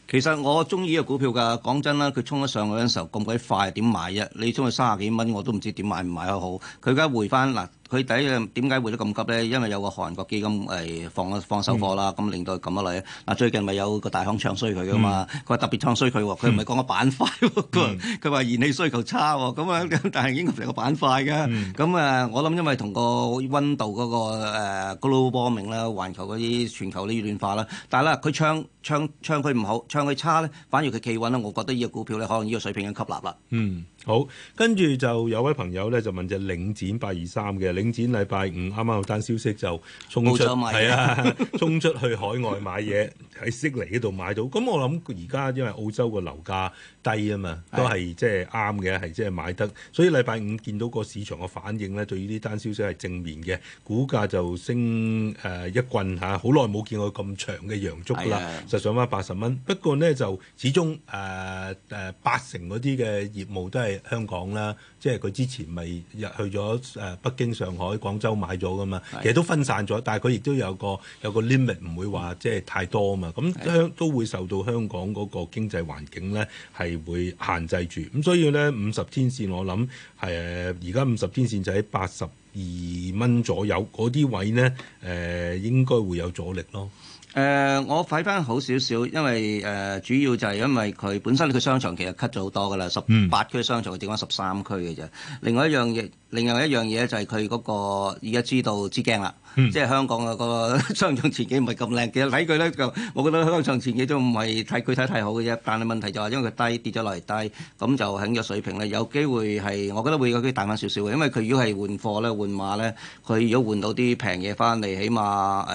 其實我中意呢個股票㗎，講真啦，佢衝咗上去陣時候咁鬼快，點買啫？你衝去三十幾蚊，我都唔知點買唔買得好。佢而家回翻嗱。啦佢第一點解回得咁急咧？因為有個韓國基金係放放手貨啦，咁令到咁啊嚟。嗱最近咪有個大行唱衰佢噶嘛？佢話、嗯、特別唱衰佢喎，佢唔係講個板塊喎，佢佢話燃氣需求差喎，咁 *laughs* 啊、嗯那個呃，但係應該成個板塊嘅。咁啊，我諗因為同個溫度嗰個誒 global warming 啦，環球嗰啲全球呢暖化啦。但係咧，佢唱唱唱佢唔好，唱佢差咧，反而佢企穩啦。我覺得呢個股票咧，可能呢個水平已經吸納啦。嗯。好，跟住就有位朋友咧就問隻領展八二三嘅領展，禮拜五啱啱有單消息就沖出，係啊，沖 *laughs* 出去海外買嘢，喺悉尼嗰度買到。咁、嗯、我諗而家因為澳洲個樓價低啊嘛，都係即係啱嘅，係即係買得。所以禮拜五見到個市場嘅反應咧，對於呢單消息係正面嘅，股價就升誒、呃、一棍吓，好耐冇見過咁長嘅陽燭啦，就上翻八十蚊。不過咧就始終誒誒八成嗰啲嘅業務都係。香港啦，即係佢之前咪入去咗誒北京、上海、廣州買咗㗎嘛，其實都分散咗，但係佢亦都有個有個 limit，唔會話即係太多啊嘛。咁香都會受到香港嗰個經濟環境咧係會限制住咁，所以咧五十天線我諗係而家五十天線就喺八十二蚊左右嗰啲位咧誒，應該會有阻力咯。誒，uh, 我睇翻好少少，因為誒、uh, 主要就係因為佢本身佢商場其實 cut 咗好多噶啦，十八區商場點解十三區嘅啫。另外一樣嘢，另外一樣嘢就係佢嗰個而家知道知驚啦。嗯、即係香港個個商場前景唔係咁靚嘅，睇佢咧就，我覺得香港商場前景都唔係太具體太，太，太好嘅啫。但係問題就係因為佢低跌咗落嚟低，咁就喺咗水平咧，有機會係我覺得會有啲大翻少少嘅。因為佢如果係換貨咧、換馬咧，佢如果換到啲平嘢翻嚟，起碼誒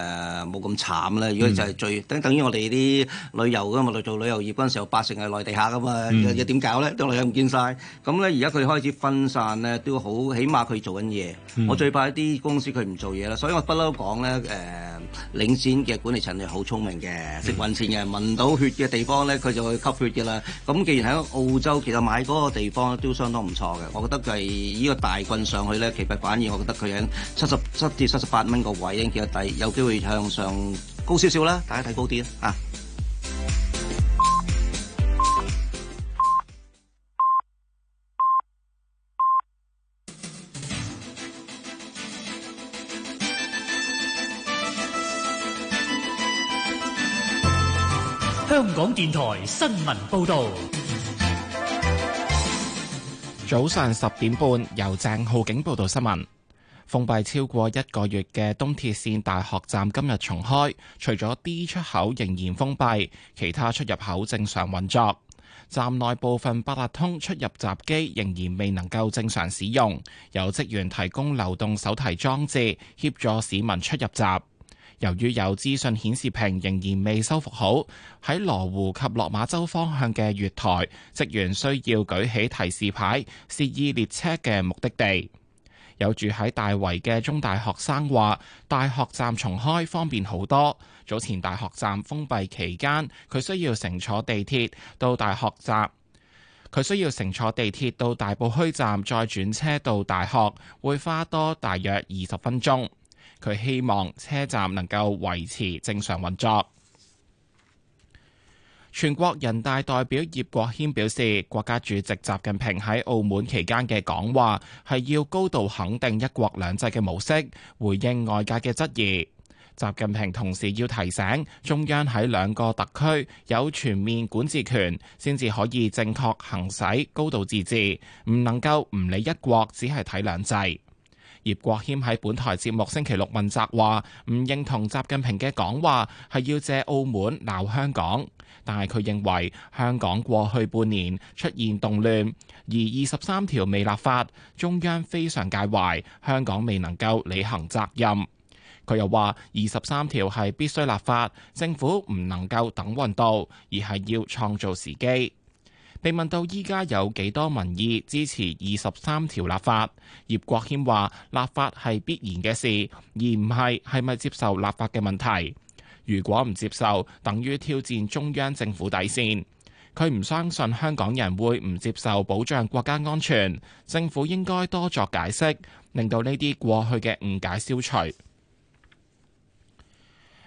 冇咁慘啦。如果就係最、嗯、等，等於我哋啲旅遊噶嘛，嚟做旅遊業嗰陣時候，八成係內地客噶嘛，嘢點、嗯、搞咧？都內地唔見晒。咁咧而家佢開始分散咧，都好，起碼佢做緊嘢。我、嗯、最怕一啲公司佢唔做嘢啦，所以我。不嬲講咧，誒、呃，領先嘅管理層係好聰明嘅，識運錢嘅聞到血嘅地方咧，佢就會吸血嘅啦。咁既然喺澳洲，其實買嗰個地方都相當唔錯嘅。我覺得係依個大棍上去咧，其實反而我覺得佢喺七十七至七十八蚊個位咧，其實第有機會向上高少少啦，大家睇高啲啦，啊！香港電台新聞報道，早上十點半，由鄭浩景報道新聞。封閉超過一個月嘅東鐵綫大學站今日重開，除咗 D 出口仍然封閉，其他出入口正常運作。站內部分八達通出入閘機仍然未能夠正常使用，有職員提供流動手提裝置協助市民出入閘。由於有資訊顯示屏仍然未修復好，喺羅湖及落馬洲方向嘅月台，職員需要舉起提示牌，示意列車嘅目的地。有住喺大圍嘅中大學生話：大學站重開方便好多。早前大學站封閉期間，佢需要乘坐地鐵到大學站，佢需要乘坐地鐵到大埔墟站再轉車到大學，會花多大約二十分鐘。佢希望車站能夠維持正常運作。全國人大代表葉國謙表示，國家主席習近平喺澳門期間嘅講話係要高度肯定一國兩制嘅模式，回應外界嘅質疑。習近平同時要提醒中央喺兩個特區有全面管治權，先至可以正確行使高度自治，唔能夠唔理一國，只係睇兩制。葉國謙喺本台節目星期六問責話，唔認同習近平嘅講話係要借澳門鬧香港，但係佢認為香港過去半年出現動亂，而二十三條未立法，中央非常介懷，香港未能夠履行責任。佢又話二十三條係必須立法，政府唔能夠等運到，而係要創造時機。被問到依家有幾多民意支持二十三條立法，葉國謙話立法係必然嘅事，而唔係係咪接受立法嘅問題。如果唔接受，等於挑戰中央政府底線。佢唔相信香港人會唔接受保障國家安全，政府應該多作解釋，令到呢啲過去嘅誤解消除。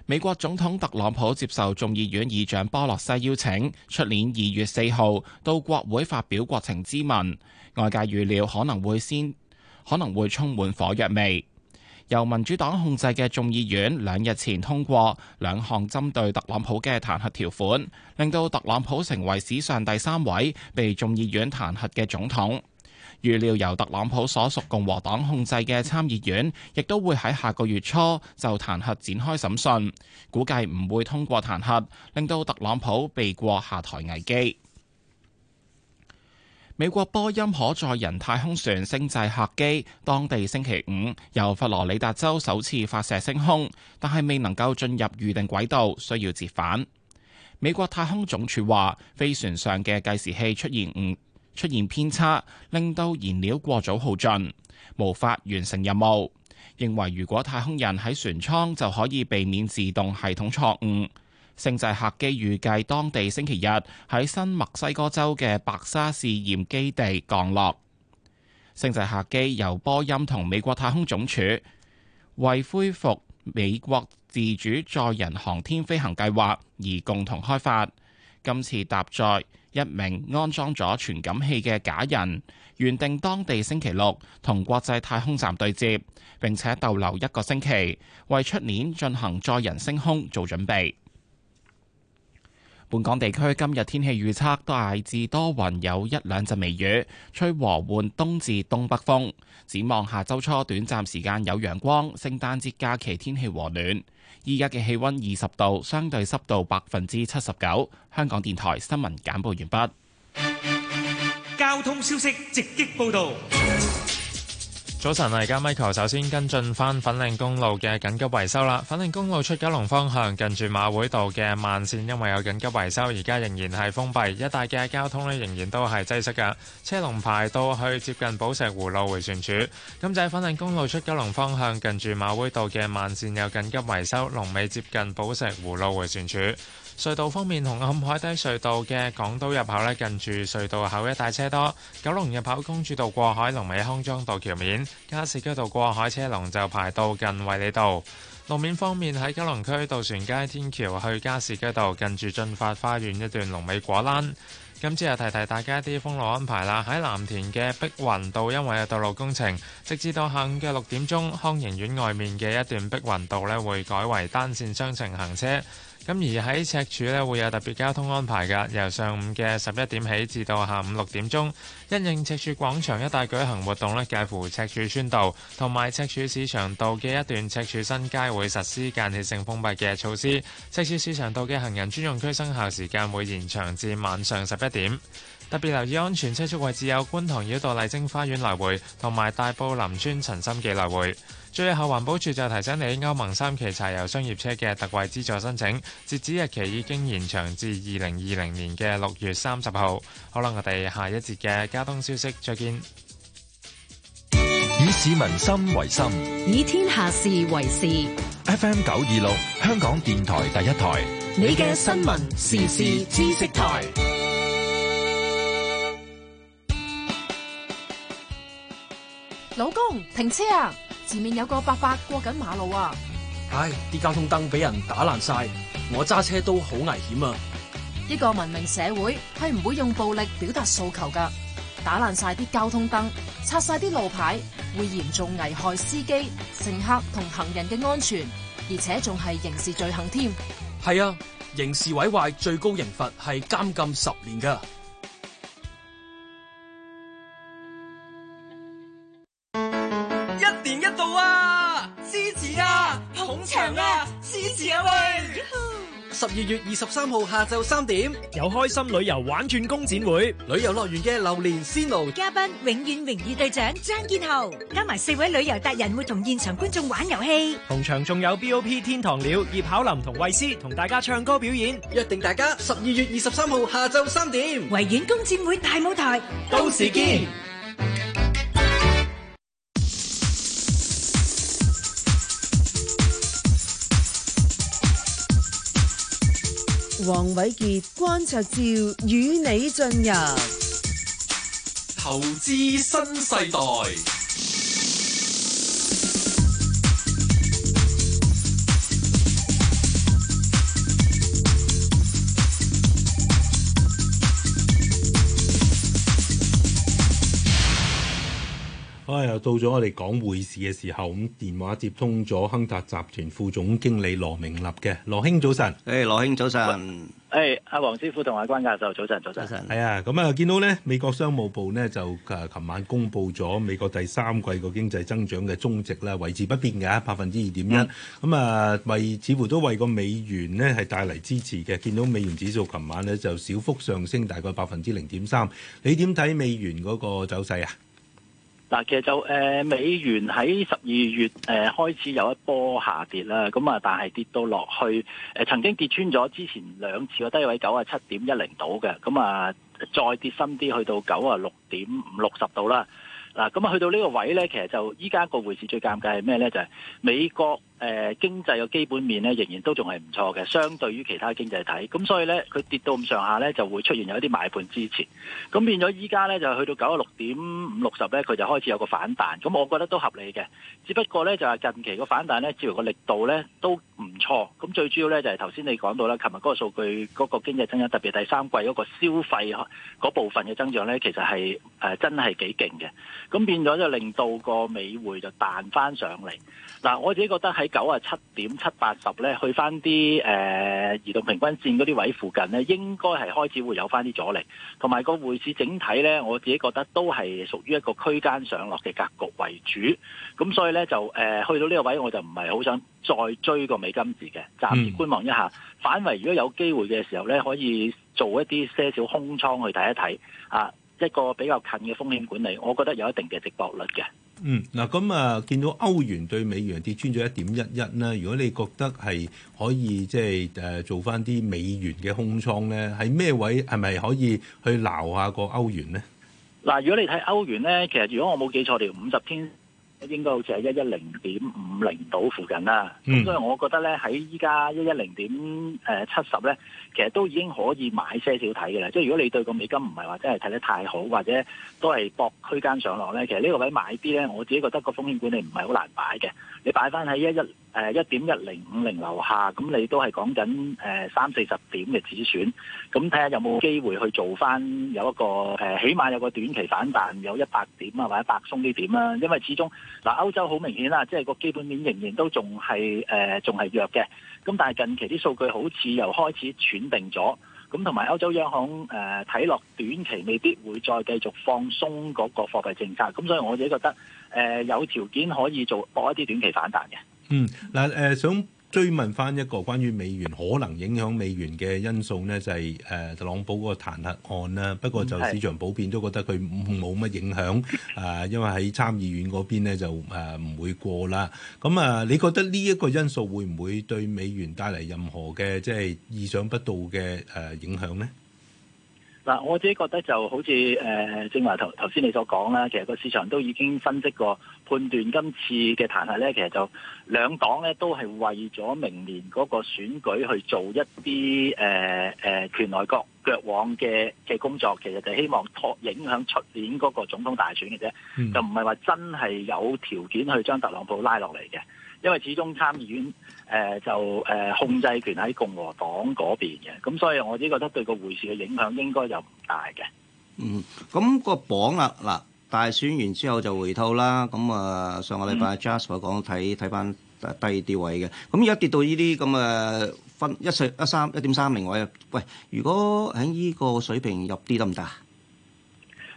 美國總統特朗普接受眾議院議長波洛西邀請，出年二月四號到國會發表國情咨文。外界預料可能會先，可能會充滿火藥味。由民主黨控制嘅眾議院兩日前通過兩項針對特朗普嘅彈劾條款，令到特朗普成為史上第三位被眾議院彈劾嘅總統。預料由特朗普所屬共和黨控制嘅參議院，亦都會喺下個月初就彈劾展開審訊，估計唔會通過彈劾，令到特朗普避過下台危機。美國波音可載人太空船星際客機，當地星期五由佛羅里達州首次發射升空，但係未能夠進入預定軌道，需要折返。美國太空總署話，飛船上嘅計時器出現誤。出現偏差，令到燃料過早耗盡，無法完成任務。認為如果太空人喺船艙就可以避免自動系統錯誤。星際客機預計當地星期日喺新墨西哥州嘅白沙試驗基地降落。星際客機由波音同美國太空總署，為恢復美國自主載人航天飛行計劃而共同開發。今次搭載，一名安裝咗傳感器嘅假人，原定當地星期六同國際太空站對接，並且逗留一個星期，為出年進行載人升空做準備。本港地區今日天氣預測，大致多雲，有一兩陣微雨，吹和緩東至東北風。展望下周初短暫時間有陽光，聖誕節假期天氣和暖。依家嘅氣溫二十度，相對濕度百分之七十九。香港電台新聞簡報完畢。交通消息直擊報道。早晨，而家 Michael，首先跟進翻粉嶺公路嘅緊急維修啦。粉嶺公路出九龍方向，近住馬會道嘅慢綫因為有緊急維修，而家仍然係封閉，一帶嘅交通呢仍然都係擠塞噶，車龍排到去接近寶石湖路回旋處。咁就喺粉嶺公路出九龍方向，近住馬會道嘅慢綫有緊急維修，龍尾接近寶石湖路回旋處。隧道方面，紅磡海底隧道嘅港島入口咧，近住隧道口一帶車多；九龍入口公主道過海，龍尾康莊道橋面，加士居道過海車龍就排到近衞理道。路面方面喺九龍區渡船街天橋去加士居道，近住進發花園一段龍尾果欄。今次又提提大家啲封路安排啦。喺藍田嘅碧雲道，因為有道路工程，直至到下午嘅六點鐘，康營苑外面嘅一段碧雲道咧會改為單線雙程行車。咁而喺赤柱呢，會有特別交通安排噶，由上午嘅十一點起至到下午六點鐘，因應赤柱廣場一帶舉行活動呢，介乎赤柱村道同埋赤柱市場道嘅一段赤柱新街會實施間歇性封閉嘅措施。赤柱市場道嘅行人專用區生效時間會延長至晚上十一點，特別留意安全車速位置，有觀塘繞道麗晶花園來回同埋大埔林村陳心記來回。最後，環保署就提醒你，歐盟三期柴油商業車嘅特惠資助申請截止日期已經延長至二零二零年嘅六月三十號。好啦，我哋下一節嘅交通消息再見。以市民心為心，以天下事為事。FM 九二六，香港電台第一台，你嘅新聞時事知識台。老公，停車啊！前面有個伯伯過緊馬路啊！唉、哎，啲交通燈俾人打爛晒，我揸車都好危險啊！呢個文明社會係唔會用暴力表達訴求噶打爛晒啲交通燈，拆晒啲路牌，會嚴重危害司機、乘客同行人嘅安全，而且仲係刑事罪行添。係啊，刑事毀壞最高刑罰係監禁十年噶。十二月二十三號下晝三點有開心旅遊玩轉工展會，旅遊樂園嘅榴蓮師奴嘉賓永遠榮譽隊長張建豪，加埋四位旅遊達人會同現場觀眾玩遊戲，同場仲有 BOP 天堂鳥葉巧琳同慧思同大家唱歌表演，約定大家十二月二十三號下晝三點維園工展會大舞台，到時見。黃瑋傑關焯照與你進入投資新世代。又、哎、到咗我哋講匯市嘅時候，咁電話接通咗亨達集團副總經理羅明立嘅，羅兄早晨。誒、哎，羅兄早晨。誒、哎，阿、啊、黃師傅同阿關教授早晨，早晨。係啊晨，咁啊、哎，見到咧，美國商務部呢，就誒，琴、啊、晚公布咗美國第三季個經濟增長嘅終值啦，維持不變嘅，百分之二點一。咁、嗯嗯、啊，為似乎都為個美元呢係帶嚟支持嘅。見到美元指數琴晚呢就小幅上升，大概百分之零點三。你點睇美元嗰個走勢啊？嗱，其實就誒、呃、美元喺十二月誒、呃、開始有一波下跌啦，咁啊，但係跌到落去誒、呃、曾經跌穿咗之前兩次嘅低位九啊七點一零度嘅，咁、嗯、啊再跌深啲去到九啊六點五六十度啦。嗱、嗯，咁啊去到呢個位咧，其實就依家個匯市最尷尬係咩咧？就係、是、美國。誒、呃、經濟嘅基本面咧，仍然都仲係唔錯嘅，相對於其他經濟體。咁所以咧，佢跌到咁上下咧，就會出現有一啲買盤支持。咁變咗依家咧，就去到九十六點五六十咧，佢就開始有個反彈。咁我覺得都合理嘅。只不過咧，就係近期個反彈咧，至於個力度咧都唔錯。咁最主要咧就係頭先你講到啦，琴日嗰個數據嗰、嗰個經濟增長，特別第三季嗰個消費嗰部分嘅增長咧，其實係誒、呃、真係幾勁嘅。咁變咗就令到個美匯就彈翻上嚟。嗱，我自己覺得喺九啊七點七八十咧，去翻啲誒移動平均線嗰啲位附近咧，應該係開始會有翻啲阻力，同埋個匯市整體咧，我自己覺得都係屬於一個區間上落嘅格局為主，咁所以咧就誒、呃、去到呢個位，我就唔係好想再追個美金字嘅，暫時觀望一下，嗯、反為如果有機會嘅時候咧，可以做一啲些，些少空倉去睇一睇，啊一個比較近嘅風險管理，我覺得有一定嘅值博率嘅。嗯，嗱咁啊，見到歐元對美元跌穿咗一點一一咧。如果你覺得係可以即係誒做翻啲美元嘅空倉咧，喺咩位係咪可以去撈下個歐元咧？嗱，如果你睇歐元咧，其實如果我冇記錯條，五十天。應該好似係一一零點五零到附近啦，咁所以我覺得咧喺依家一一零點誒七十咧，其實都已經可以買些少睇嘅啦。即係如果你對個美金唔係話真係睇得太好，或者都係搏區間上落咧，其實呢個位買啲咧，我自己覺得個風險管理唔係好難買嘅。你擺翻喺一一誒一點一零五零樓下，咁你都係講緊誒三四十點嘅止損，咁睇下有冇機會去做翻有一個誒起碼有個短期反彈有一百點啊，或者百鬆呢點啊。因為始終嗱歐洲好明顯啦，即係個基本面仍然都仲係誒仲係弱嘅，咁但係近期啲數據好似又開始斷定咗。咁同埋歐洲央行誒睇落短期未必會再繼續放鬆嗰個貨幣政策，咁所以我自己覺得誒、呃、有條件可以做博一啲短期反彈嘅。嗯，嗱誒、呃、想。追問翻一個關於美元可能影響美元嘅因素咧，就係誒特朗普嗰個彈劾案啦。不過就市場普遍都覺得佢冇乜影響，啊、呃，因為喺參議院嗰邊咧就誒唔、呃、會過啦。咁啊、呃，你覺得呢一個因素會唔會對美元帶嚟任何嘅即係意想不到嘅誒、呃、影響咧？嗱，我自己覺得就好似誒，正話頭頭先你所講啦，其實個市場都已經分析過，判斷今次嘅彈劾咧，其實就兩黨咧都係為咗明年嗰個選舉去做一啲誒誒拳來腳往嘅嘅工作，其實就希望拖影響出年嗰個總統大選嘅啫，嗯、就唔係話真係有條件去將特朗普拉落嚟嘅。因為始終參議院誒就誒控制權喺共和黨嗰邊嘅，咁所以我只覺得對個會事嘅影響應該就唔大嘅。嗯，咁個榜啦，嗱大選完之後就回頭啦。咁啊，上個禮拜 Jasper 講睇睇翻低啲位嘅。咁而家跌到呢啲咁嘅分一四一三一點三名位，喂，如果喺呢個水平入啲得唔得啊？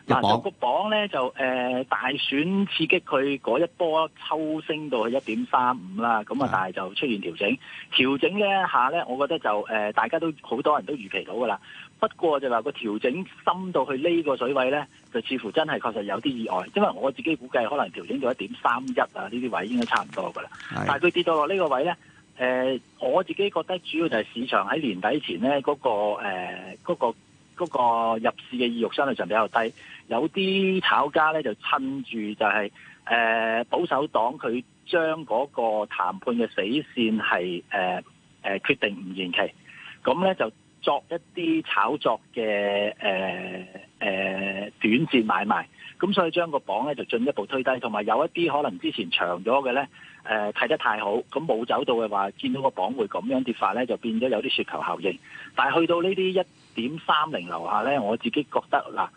嗱，就個榜咧就誒大選刺激佢嗰一波抽升到去一點三五啦，咁啊但係就出現調整，調整咧下咧，我覺得就誒、呃、大家都好多人都預期到噶啦。不過就話、是、個調整深到去呢個水位咧，就似乎真係確實有啲意外，因為我自己估計可能調整到一點三一啊呢啲位應該差唔多噶啦。是的 但係佢跌到落呢個位咧，誒、呃、我自己覺得主要就係市場喺年底前咧嗰個誒嗰個。呃那個嗰個入市嘅意欲相對上比較低，有啲炒家咧就趁住就係誒保守黨佢將嗰個談判嘅死線係誒誒決定唔延期，咁咧就作一啲炒作嘅誒誒短線買賣，咁所以將個鎊咧就進一步推低，同埋有一啲可能之前長咗嘅咧誒睇得太好，咁冇走到嘅話，見到個鎊會咁樣跌法咧，就變咗有啲雪球效應，但係去到呢啲一點三零樓下呢，我自己覺得嗱，誒、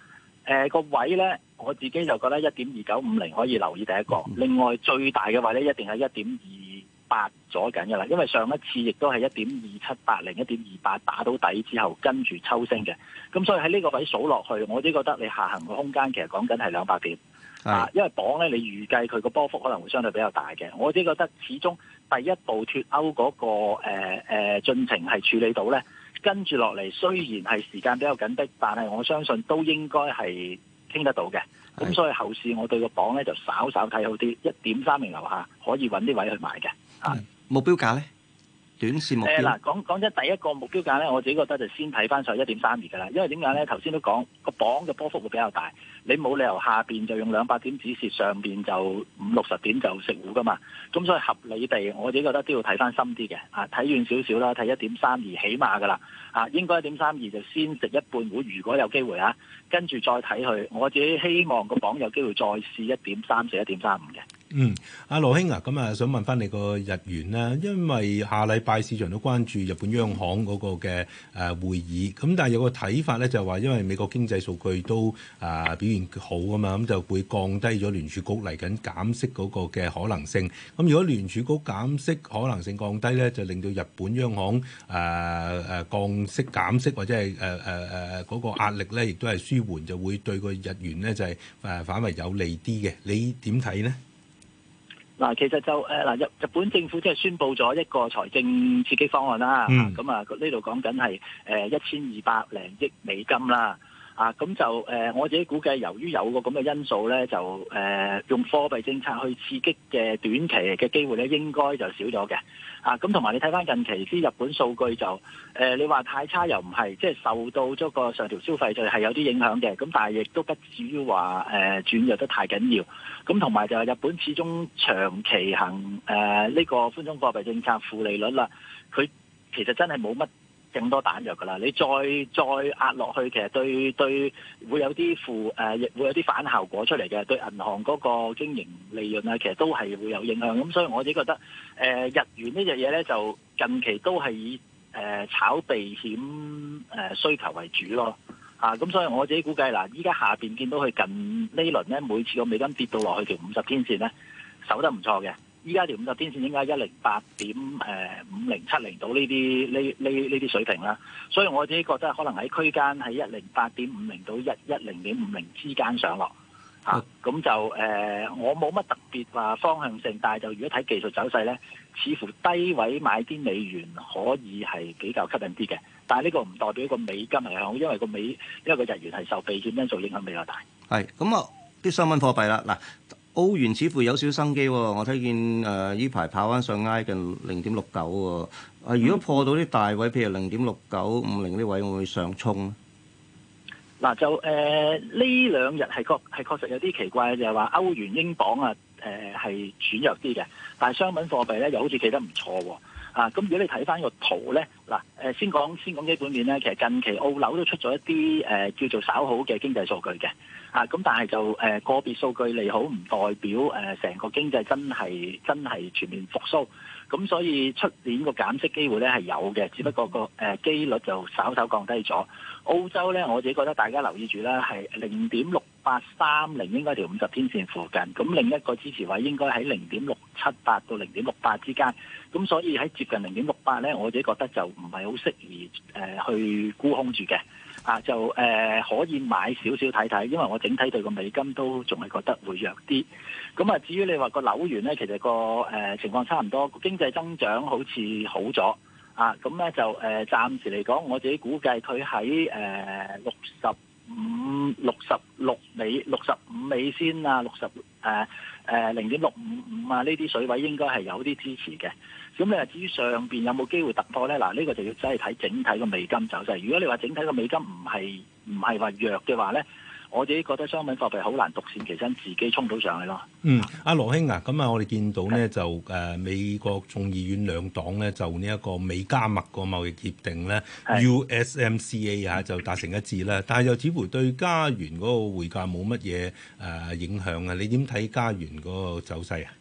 呃那個位呢，我自己就覺得一點二九五零可以留意第一個。另外最大嘅位呢，一定係一點二八左緊嘅啦，因為上一次亦都係一點二七八零、一點二八打到底之後跟住抽升嘅。咁所以喺呢個位數落去，我只覺得你下行嘅空間其實講緊係兩百點是的 啊，因為榜呢，你預計佢個波幅可能會相對比較大嘅。我只覺得始終第一步脫歐嗰、那個誒誒、呃、進程係處理到呢。跟住落嚟，雖然係時間比較緊迫，但係我相信都應該係傾得到嘅。咁所以後市，我對個榜咧就稍稍睇好啲，一點三釐樓下可以揾啲位去買嘅。目標價呢？短線目標嗱、呃，講講真，第一個目標價咧，我自己覺得就先睇翻上一點三二嘅啦，因為點解咧？頭先都講個榜嘅波幅會比較大，你冇理由下邊就用兩百點止蝕，上邊就五六十點就食糊噶嘛。咁所以合理地，我自己覺得都要睇翻深啲嘅，啊睇遠少少啦，睇一點三二起碼噶啦，啊應該一點三二就先食一半糊，如果有機會啊，跟住再睇佢。我自己希望個榜有機會再試一點三四、一點三五嘅。嗯，阿羅兄啊，咁啊想問翻你個日元啦。因為下禮拜市場都關注日本央行嗰個嘅誒會議，咁但係有個睇法咧，就係話因為美國經濟數據都啊表現好啊嘛，咁就會降低咗聯儲局嚟緊減息嗰個嘅可能性。咁如果聯儲局減息可能性降低咧，就令到日本央行誒誒、呃、降息減息或者係誒誒誒嗰個壓力咧，亦都係舒緩，就會對個日元咧就係誒反為有利啲嘅。你點睇咧？嗱，其實就誒嗱日日本政府即係宣布咗一個財政刺激方案啦，咁、嗯、啊呢度講緊係誒一千二百零億美金啦，啊咁就誒、呃、我自己估計，由於有個咁嘅因素咧，就誒、呃、用貨幣政策去刺激嘅短期嘅機會咧，應該就少咗嘅，啊咁同埋你睇翻近期啲日本數據就誒、呃，你話太差又唔係，即係受到咗個上調消費就係有啲影響嘅，咁但係亦都不至於話誒、呃、轉弱得太緊要。咁同埋就係日本始終長期行誒呢、呃呢個寬鬆貨幣政策負利率啦，佢其實真係冇乜咁多彈藥噶啦。你再再壓落去，其實對對會有啲負誒、呃，會有啲反效果出嚟嘅。對銀行嗰個經營利潤啊，其實都係會有影響。咁所以我自己覺得誒、呃、日元呢樣嘢咧，就近期都係以誒、呃、炒避險誒、呃、需求為主咯。啊，咁所以我自己估計嗱，依家下邊見到佢近呢輪咧，每次個美金跌到落去條五十天線咧，守得唔錯嘅。依家條五十天線應該一零八點誒五零七零到呢啲呢呢呢啲水平啦。所以我自己覺得可能喺區間喺一零八點五零到一一零點五零之間上落嚇，咁是、啊、就誒、呃、我冇乜特別話方向性，但係就如果睇技術走勢咧，似乎低位買啲美元可以係比較吸引啲嘅。但係呢個唔代表個美金係向好，因為個美一個日元係受避險因素影響比較大。係咁啊，啲、嗯、商品貨幣啦，嗱，歐元似乎有少少生機喎。我睇見誒呢排跑翻上挨近零點六九喎。啊，如果破到啲大位，嗯、譬如零點六九五零嗰啲位，會唔會上衝？嗱、嗯，就誒呢兩日係確係確實有啲奇怪，就係、是、話歐元英、英鎊啊，誒係轉弱啲嘅，但係商品貨幣咧又好似企得唔錯喎。啊，咁如果你睇返個圖咧，嗱，誒先講先講基本面咧，其實近期澳樓都出咗一啲誒、呃、叫做稍好嘅經濟數據嘅，啊，咁但係就誒、呃、個別數據利好唔代表誒成、呃、個經濟真係真係全面復甦，咁所以出年個減息機會咧係有嘅，只不過個誒、呃、機率就稍稍降低咗。澳洲咧，我自己覺得大家留意住啦，係零點六。八三零應該條五十天線附近，咁另一個支持位應該喺零點六七八到零點六八之間，咁所以喺接近零點六八呢，我自己覺得就唔係好適宜誒、呃、去沽空住嘅，啊，就誒、呃、可以買少少睇睇，因為我整體對個美金都仲係覺得會弱啲，咁啊至於你話個樓源呢，其實、個誒、呃、情況差唔多，經濟增長好似好咗，啊，咁呢就誒、呃、暫時嚟講，我自己估計佢喺誒六十。呃五六十六美仙，六十五美仙先啊，六十誒誒零點六五五啊，呢啲水位應該係有啲支持嘅。咁你話至於上邊有冇機會突破咧？嗱，呢個就要真係睇整體嘅美金走勢。如果你話整體嘅美金唔係唔係話弱嘅話咧。我自己覺得商品貨幣好難獨善其身，自己衝到上去咯。嗯，阿羅兄啊，咁啊，我哋見到咧是的 就誒、呃、美國眾議院兩黨咧就呢一個美加墨個貿易協定咧是的 USMCA 啊，就達成一致啦。但係又似乎對加元嗰個匯價冇乜嘢誒影響啊？你點睇加元嗰個走勢啊？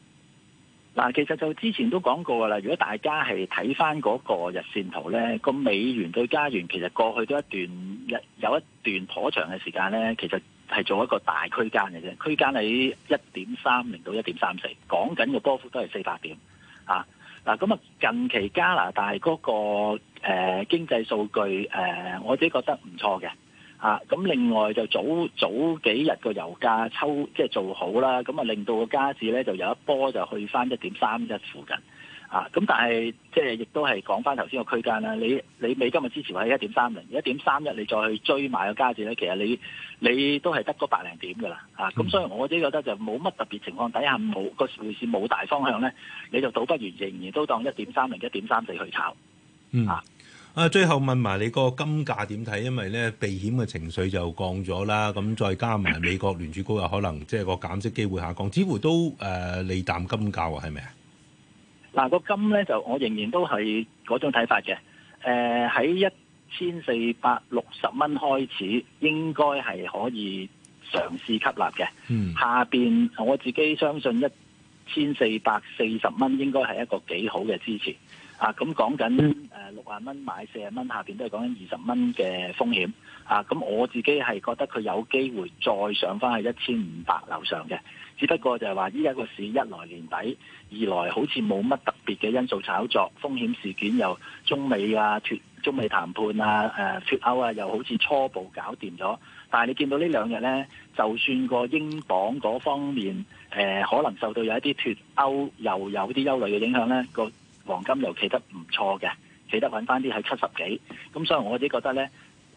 嗱，其實就之前都講過㗎啦。如果大家係睇翻嗰個日線圖咧，個美元對加元其實過去都一段有有一段頗長嘅時間咧，其實係做一個大區間嘅啫。區間喺一點三零到一點三四，講緊嘅波幅都係四百點啊。嗱，咁啊，近期加拿大嗰、嗰個誒、呃、經濟數據、呃、我自己覺得唔錯嘅。啊，咁另外就早早幾日個油價抽即係做好啦，咁啊令到個加紙咧就有一波就去翻一點三一附近，啊，咁但係即係亦都係講翻頭先個區間啦。你你美金今日支持位係一點三零、一點三一，你再去追買個加紙咧，其實你你都係得嗰百零點㗎喇，啊，咁、啊、所以我只覺得就冇乜特別情況底下冇個匯市冇大方向咧，你就倒不如仍然都當一點三零、一點三四去炒，嗯啊。嗯。啊，最後問埋你個金價點睇？因為咧避險嘅情緒就降咗啦，咁再加埋美國聯儲高又可能即係個減息機會下降，似乎都誒利淡金價喎，係咪啊？嗱，個金咧就我仍然都係嗰種睇法嘅，誒喺一千四百六十蚊開始應該係可以嘗試吸納嘅，嗯，下邊我自己相信一千四百四十蚊應該係一個幾好嘅支持。啊，咁講緊誒六十蚊買四十蚊下邊，都係講緊二十蚊嘅風險。啊，咁我自己係覺得佢有機會再上翻去一千五百樓上嘅。只不過就係話依家個市一來年底，二來好似冇乜特別嘅因素炒作風險事件，又中美啊脫中美談判啊誒脫歐啊，又好似初步搞掂咗。但係你見到呢兩日呢，就算個英鎊嗰方面誒、呃、可能受到有一啲脫歐又有啲憂慮嘅影響呢。個。黃金又企得唔錯嘅，企得穩返啲喺七十幾，咁所以我自己覺得咧，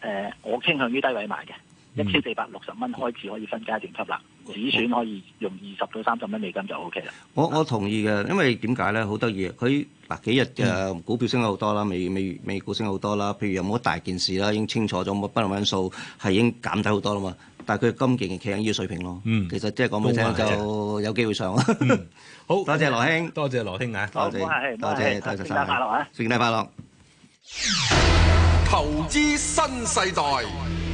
誒、呃，我傾向於低位買嘅，一千四百六十蚊開始可以分階段級啦，止損可以用二十到三十蚊美金就 O K 啦。我我同意嘅，因為點解咧？好得意佢嗱幾日嘅、呃、股票升咗好多啦，美美美股升咗好多啦，譬如有冇大件事啦？已經清楚咗，冇不利因素係已經減低好多啦嘛。但係佢今期企喺呢個水平咯，其實即係講冇錯就有機會上。好多謝羅兄，多謝羅兄啊！多謝，多謝，多謝，大家快樂啊！聖誕快樂！投資新世代。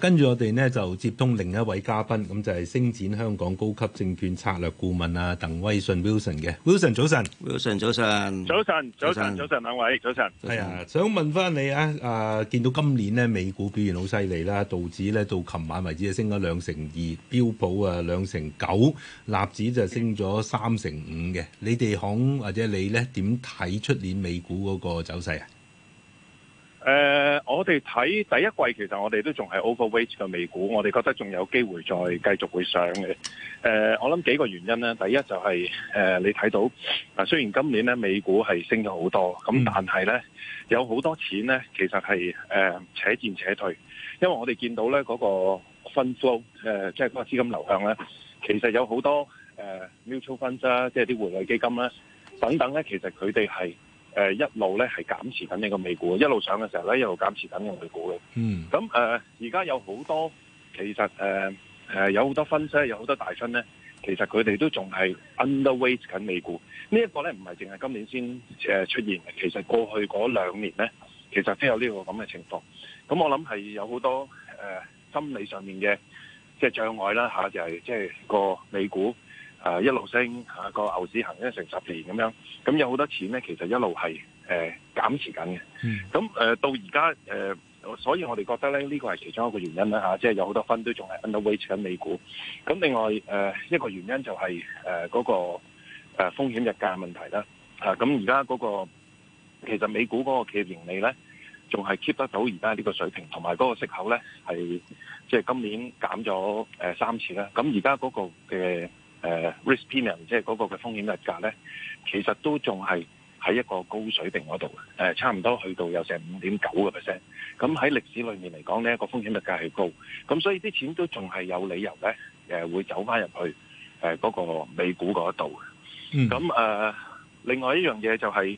跟住我哋咧就接通另一位嘉賓，咁就係星展香港高級證券策略顧問啊，鄧威信 Wilson 嘅。Wilson 早晨，Wilson 早晨，早晨，早晨，早晨，兩位早晨。係早晨早晨啊，想問翻你啊，啊，見到今年咧美股表現好犀利啦，道指咧到琴晚為止啊升咗兩成二，標普啊兩成九，納指就升咗三成五嘅。你哋行或者你咧點睇出年美股嗰個走勢啊？誒，uh, 我哋睇第一季其實我哋都仲係 overweight 個美股，我哋覺得仲有機會再繼續會上嘅。誒、uh，我諗幾個原因咧，第一就係、是、誒，uh, 你睇到啊，雖然今年咧美股係升咗好多，咁但係咧有好多錢咧，其實係誒、uh, 且戰且退，因為我哋見到咧嗰、那個 fund flow、呃、即係嗰個資金流向咧，其實有好多誒、uh, mutual funds、啊、即係啲匯率基金咧、啊、等等咧，其實佢哋係。誒一路咧係減持緊呢個美股，一路上嘅時候咧一路減持緊嘅美股嘅。Hmm. 嗯。咁誒，而家有好多其實誒誒有好多分析，有好多大親咧，其實佢哋、呃、都仲係 underweight 緊美股。這個、呢一個咧唔係淨係今年先誒出現，其實過去嗰兩年咧，其實都有呢個咁嘅情況。咁、嗯、我諗係有好多誒、呃、心理上面嘅即係障礙啦嚇，就係即係個美股。啊！一路升嚇個、啊、牛市行咗成十年咁樣，咁有好多錢咧，其實一路係誒、呃、減持緊嘅。咁誒、呃、到而家誒，所以我哋覺得咧，呢、呢個係其中一個原因啦吓、啊，即係有好多分都仲係 underweight 緊美股。咁另外誒、呃、一個原因就係誒嗰個誒風險溢價問題啦。啊，咁而家嗰個其實美股嗰個企業盈利咧，仲係 keep 得到而家呢個水平，同埋嗰個息口咧係即係今年減咗誒、呃、三次啦。咁而家嗰個嘅。呃誒、uh, risk premium，即係嗰個嘅風險物價咧，其實都仲係喺一個高水平嗰度嘅，差唔多去到有成五點九個 percent。咁喺歷史裏面嚟講，呢、那、一個風險溢價係高，咁所以啲錢都仲係有理由咧，誒會走返入去誒嗰個美股嗰度。咁誒，嗯 uh, 另外一樣嘢就係、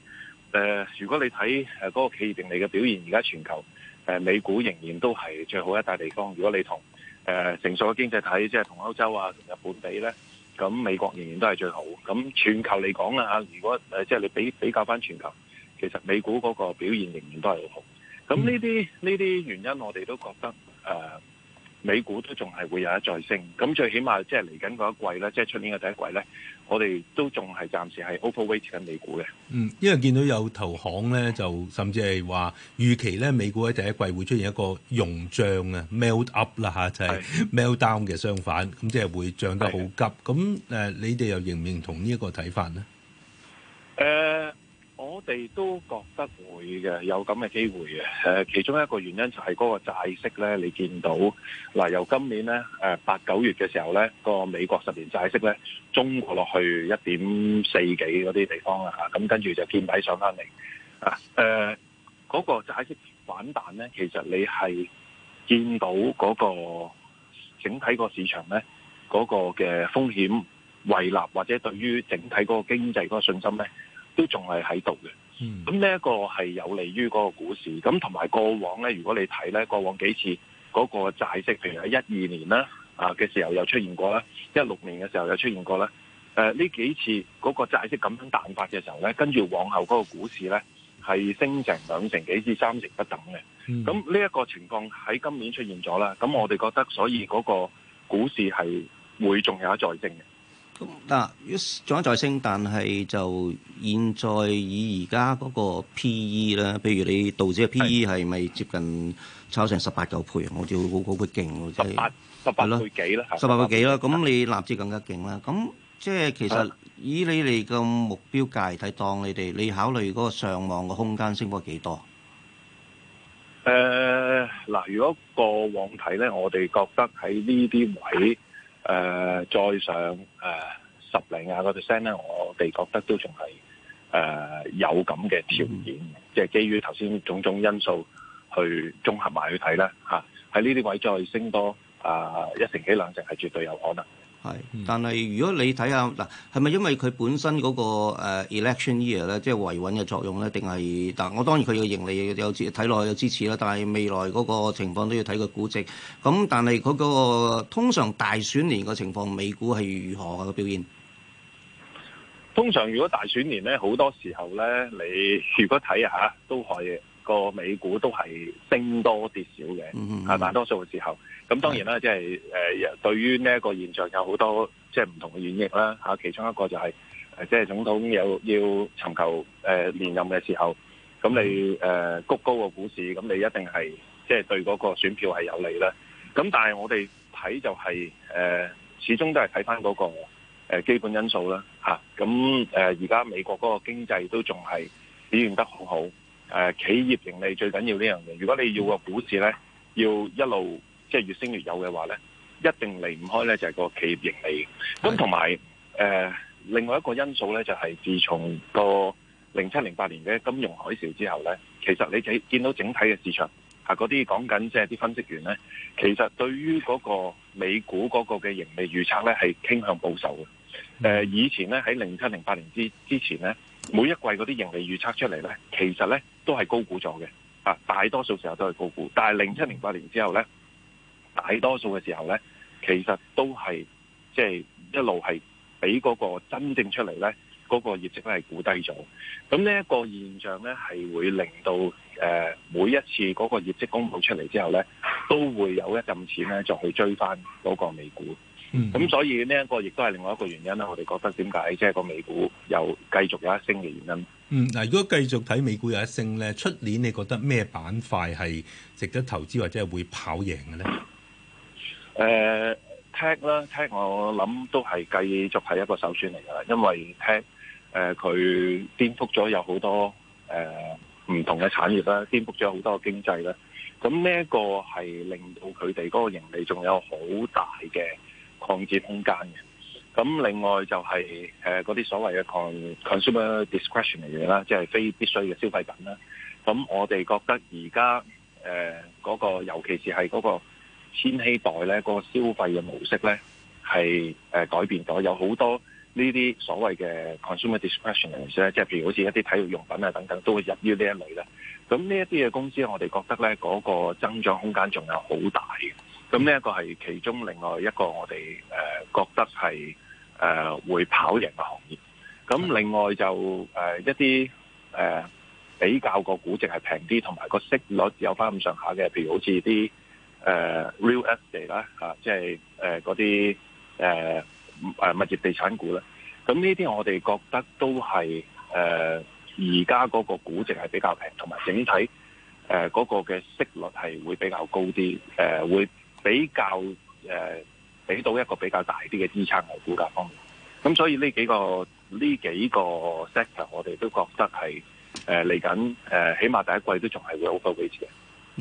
是、誒，uh, 如果你睇誒嗰個企業盈利嘅表現，而家全球誒、uh, 美股仍然都係最好一笪地方。如果你同誒、uh, 成熟嘅經濟體，即係同歐洲啊、同日本比咧。咁美國仍然都係最好，咁全球嚟講啦嚇，如果誒即係你比比較返全球，其實美股嗰個表現仍然都係好好，咁呢啲呢啲原因我哋都覺得誒。呃美股都仲係會有一再升，咁最起碼即係嚟緊嗰一季咧，即係出年嘅第一季咧，我哋都仲係暫時係 overweight 緊美股嘅。嗯，因為見到有投行咧，就甚至係話預期咧美股喺第一季會出現一個融漲啊，melt up 啦嚇，就係 melt down 嘅相反，咁的即係會漲得好急。咁誒的，你哋又認唔認同呢一個睇法呢？誒、呃。我哋都覺得會嘅，有咁嘅機會嘅。誒、呃，其中一個原因就係嗰個債息咧，你見到嗱、呃，由今年咧誒八九月嘅時候咧，嗰個美國十年債息咧，中過落去一點四幾嗰啲地方啊，咁跟住就見底上返嚟啊。誒、呃，嗰、嗰個債息反彈咧，其實你係見到嗰個整體個市場咧，嗰、嗰個嘅風險胃納，或者對於整體嗰個經濟嗰個信心咧。都仲係喺度嘅，咁呢一個係有利於嗰個股市，咁同埋過往呢，如果你睇呢過往幾次嗰個債息，譬如喺一二年啦啊嘅時候又出現過啦，一六年嘅時候又出現過啦。呢、呃、幾次嗰個債息咁樣彈發嘅時候呢，跟住往後嗰個股市呢，係升成兩成幾至三成不等嘅，咁呢一個情況喺今年出現咗啦，咁我哋覺得所以嗰個股市係會仲有得再升嘅。咁嗱，仲有再升，但係就現在以而家嗰個 P E 啦，譬如你道指嘅 P E 係咪接近炒成十八九倍？我哋好好勁喎，十八十八倍幾啦？十八倍幾啦？咁你納指更加勁啦！咁即係其實以你哋嘅目標價睇，當你哋你考慮嗰個上望嘅空間，升過幾多？誒嗱，如果過往睇咧，我哋覺得喺呢啲位。誒、呃、再上誒、呃、十零啊個 percent 咧，我哋覺得都仲係誒有咁嘅條件，即係基於頭先種種因素去綜合埋去睇啦，嚇、啊，喺呢啲位再升多啊、呃、一成幾兩成係絕對有可能。嗯、但係如果你睇下嗱，係咪因為佢本身嗰個誒 election year 咧，即係維穩嘅作用咧？定係嗱，我當然佢嘅盈利有睇落去，有支持啦。但係未來嗰個情況都要睇佢估值。咁但係嗰、嗰個通常大選年嘅情況，美股係如何嘅、個、表現？通常如果大選年咧，好多時候咧，你如果睇下，都可以，個美股都係升多跌少嘅，係嘛、嗯嗯嗯？但多數嘅時候。咁當然啦，即係誒，對於呢一個現象有好多即係唔同嘅演繹啦嚇。其中一個就係、是、誒，即、就、係、是、總統有要尋求誒連任嘅時候，咁你誒、呃、谷高個股市，咁你一定係即係對嗰個選票係有利啦。咁但係我哋睇就係、是、誒、呃，始終都係睇翻嗰個基本因素啦嚇。咁誒而家美國嗰個經濟都仲係表現得好好，誒、呃、企業盈利最緊要呢樣嘢。如果你要個股市咧，要一路。即係越升越有嘅話呢，一定離唔開呢就係個企業盈利。咁同埋誒，另外一個因素呢，就係、是、自從個零七零八年嘅金融海嘯之後呢，其實你睇見到整體嘅市場，嚇嗰啲講緊即係啲分析員呢，其實對於嗰個美股嗰個嘅盈利預測呢係傾向保守嘅。誒、呃，以前呢，喺零七零八年之之前呢，每一季嗰啲盈利預測出嚟呢，其實呢都係高估咗嘅。啊，大多數時候都係高估，但係零七零八年之後呢。大多數嘅時候咧，其實都係即係一路係俾嗰個真正出嚟咧，嗰個業績都係估低咗。咁呢一個現象咧，係會令到誒每一次嗰個業績公佈出嚟之後咧，都會有一陣錢咧，就去追翻嗰個美股。嗯，咁所以呢一個亦都係另外一個原因啦。我哋覺得點解即係個美股又繼續有一升嘅原因。嗯，嗱，如果繼續睇美股有一升咧，出年你覺得咩板塊係值得投資或者係會跑贏嘅咧？誒、uh, Tech 啦 Tech 我諗都係繼續係一個首選嚟㗎，因為 Tech 佢、呃、顛覆咗有好多誒唔、呃、同嘅產業啦，顛覆咗好多經濟個經濟啦。咁呢一個係令到佢哋嗰個盈利仲有好大嘅擴展空間嘅。咁另外就係誒嗰啲所謂嘅 con consumer discretion 嚟嘅啦，即、就、係、是、非必需嘅消費品啦。咁我哋覺得而家誒嗰個，尤其是係嗰、那個。千禧代咧，嗰、那個消費嘅模式咧係誒改變咗，有好多呢啲所謂嘅 consumer discretionary 即係譬如好似一啲體育用品啊等等，都會入於呢一類咧。咁呢一啲嘅公司，我哋覺得咧嗰、那個增長空間仲有好大嘅。咁呢一個係其中另外一個我哋誒覺得係誒、呃、會跑贏嘅行業。咁另外就誒一啲誒比較個估值係平啲，同埋個息率有返咁上下嘅，譬如好似啲。誒、uh, real estate 咧、uh, 嚇，即係誒嗰啲誒誒物業地產股咧，咁呢啲我哋覺得都係誒而家嗰個估值係比較平，同埋整體誒嗰、uh, 個嘅息率係會比較高啲，誒、uh, 會比較誒俾、uh, 到一個比較大啲嘅支撐喺估價方面。咁所以呢幾個呢幾個 sector，我哋都覺得係誒嚟緊誒，uh, uh, 起碼第一季都仲係會好高位置嘅。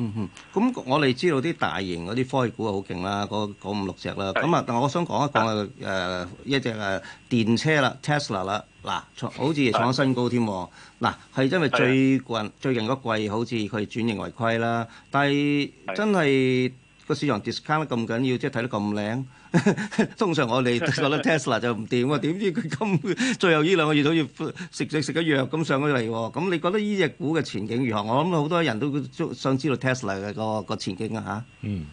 嗯哼，咁我哋知道啲大型嗰啲科技股好勁啦，嗰、嗰嗰、五六隻啦，咁的啊，但我想講一講啊，一隻誒電車啦，Tesla 啦，嗱，創好似創新高添喎，嗱的，係因為最近的最近嗰季好似佢轉型為虧啦，但係真係個的市場 discount 得咁緊要，即係睇得咁靚。 *laughs* 通常我哋覺得 Tesla 就唔掂喎，點 *laughs* 知佢咁最後呢兩個月都要食食食緊藥咁上咗嚟喎。咁你覺得呢隻股嘅前景如何？我諗好多人都想知道 Tesla 嘅、嗰個、嗰個前景啊嚇。嗯，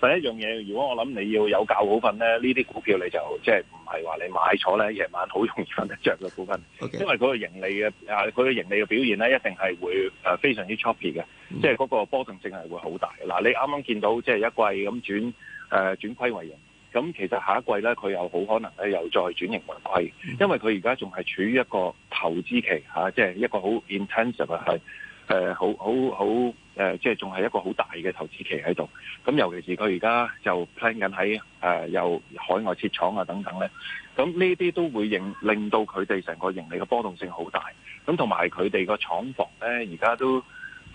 第一樣嘢，如果我諗你要有教好份咧，呢啲股票你就即係唔係話你買咗咧夜晚好容易瞓得着嘅股份，Okay. 因為佢嘅盈利嘅，啊佢嘅盈利嘅表現咧一定係會誒、呃、非常之 choppy 嘅，嗯、即係嗰個波動性係會好大。嗱、呃，你啱啱見到即係一季咁轉誒、呃呃、轉虧為盈。咁其實下一季咧，佢又好可能咧，又再轉盈為虧，因為佢而家仲係處於一個投資期嚇，即、啊、係、就是、一個 intensive、啊、好 intensive 係，誒好好好誒，即係仲係一個好大嘅投資期喺度。咁、啊、尤其是佢而家就 plan 緊喺誒由海外設廠啊等等咧，咁呢啲都會令令到佢哋成個盈利嘅波動性好大。咁同埋佢哋個廠房咧，而家都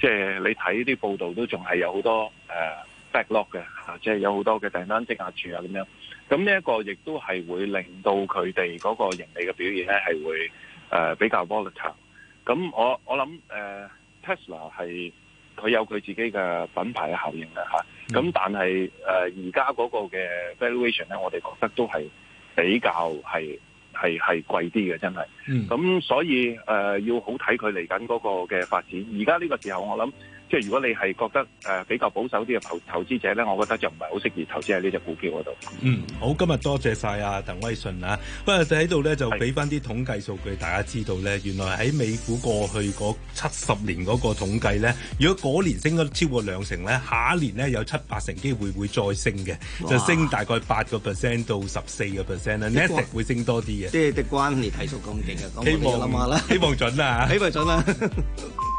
即係、就是、你睇啲報道都仲係有好多誒、啊 backlog 嘅嚇，即係有好多嘅訂單積壓住啊，咁樣，咁呢一個亦都係會令到佢哋嗰個盈利嘅表現咧係會誒、呃、比較 volatile。咁我我諗誒、呃、Tesla 係佢有佢自己嘅品牌嘅效應嘅嚇，咁、啊、但係誒而家嗰個嘅 valuation 咧，我哋覺得都係比較係係係貴啲嘅，真係。咁、嗯、所以誒、呃、要好睇佢嚟緊嗰個嘅發展。而家呢個時候，我諗。即係如果你係覺得誒比較保守啲嘅投投資者咧，我覺得就唔係好適宜投資喺呢隻股票嗰度。嗯，好，今日多謝晒啊，鄧威信啊，不過就喺度咧就俾翻啲統計數據，是大家知道咧，原來喺美股過去嗰七十年嗰個統計咧，如果嗰年升咗超過兩成咧，下一年咧有七八成機會會再升嘅，哇就升大概八個 percent 到十四個 percent 咧 netting 會升多啲嘅。即係狄關，你睇數咁勁啊！希望諗下啦，希望準啊，希望準啊！ *laughs*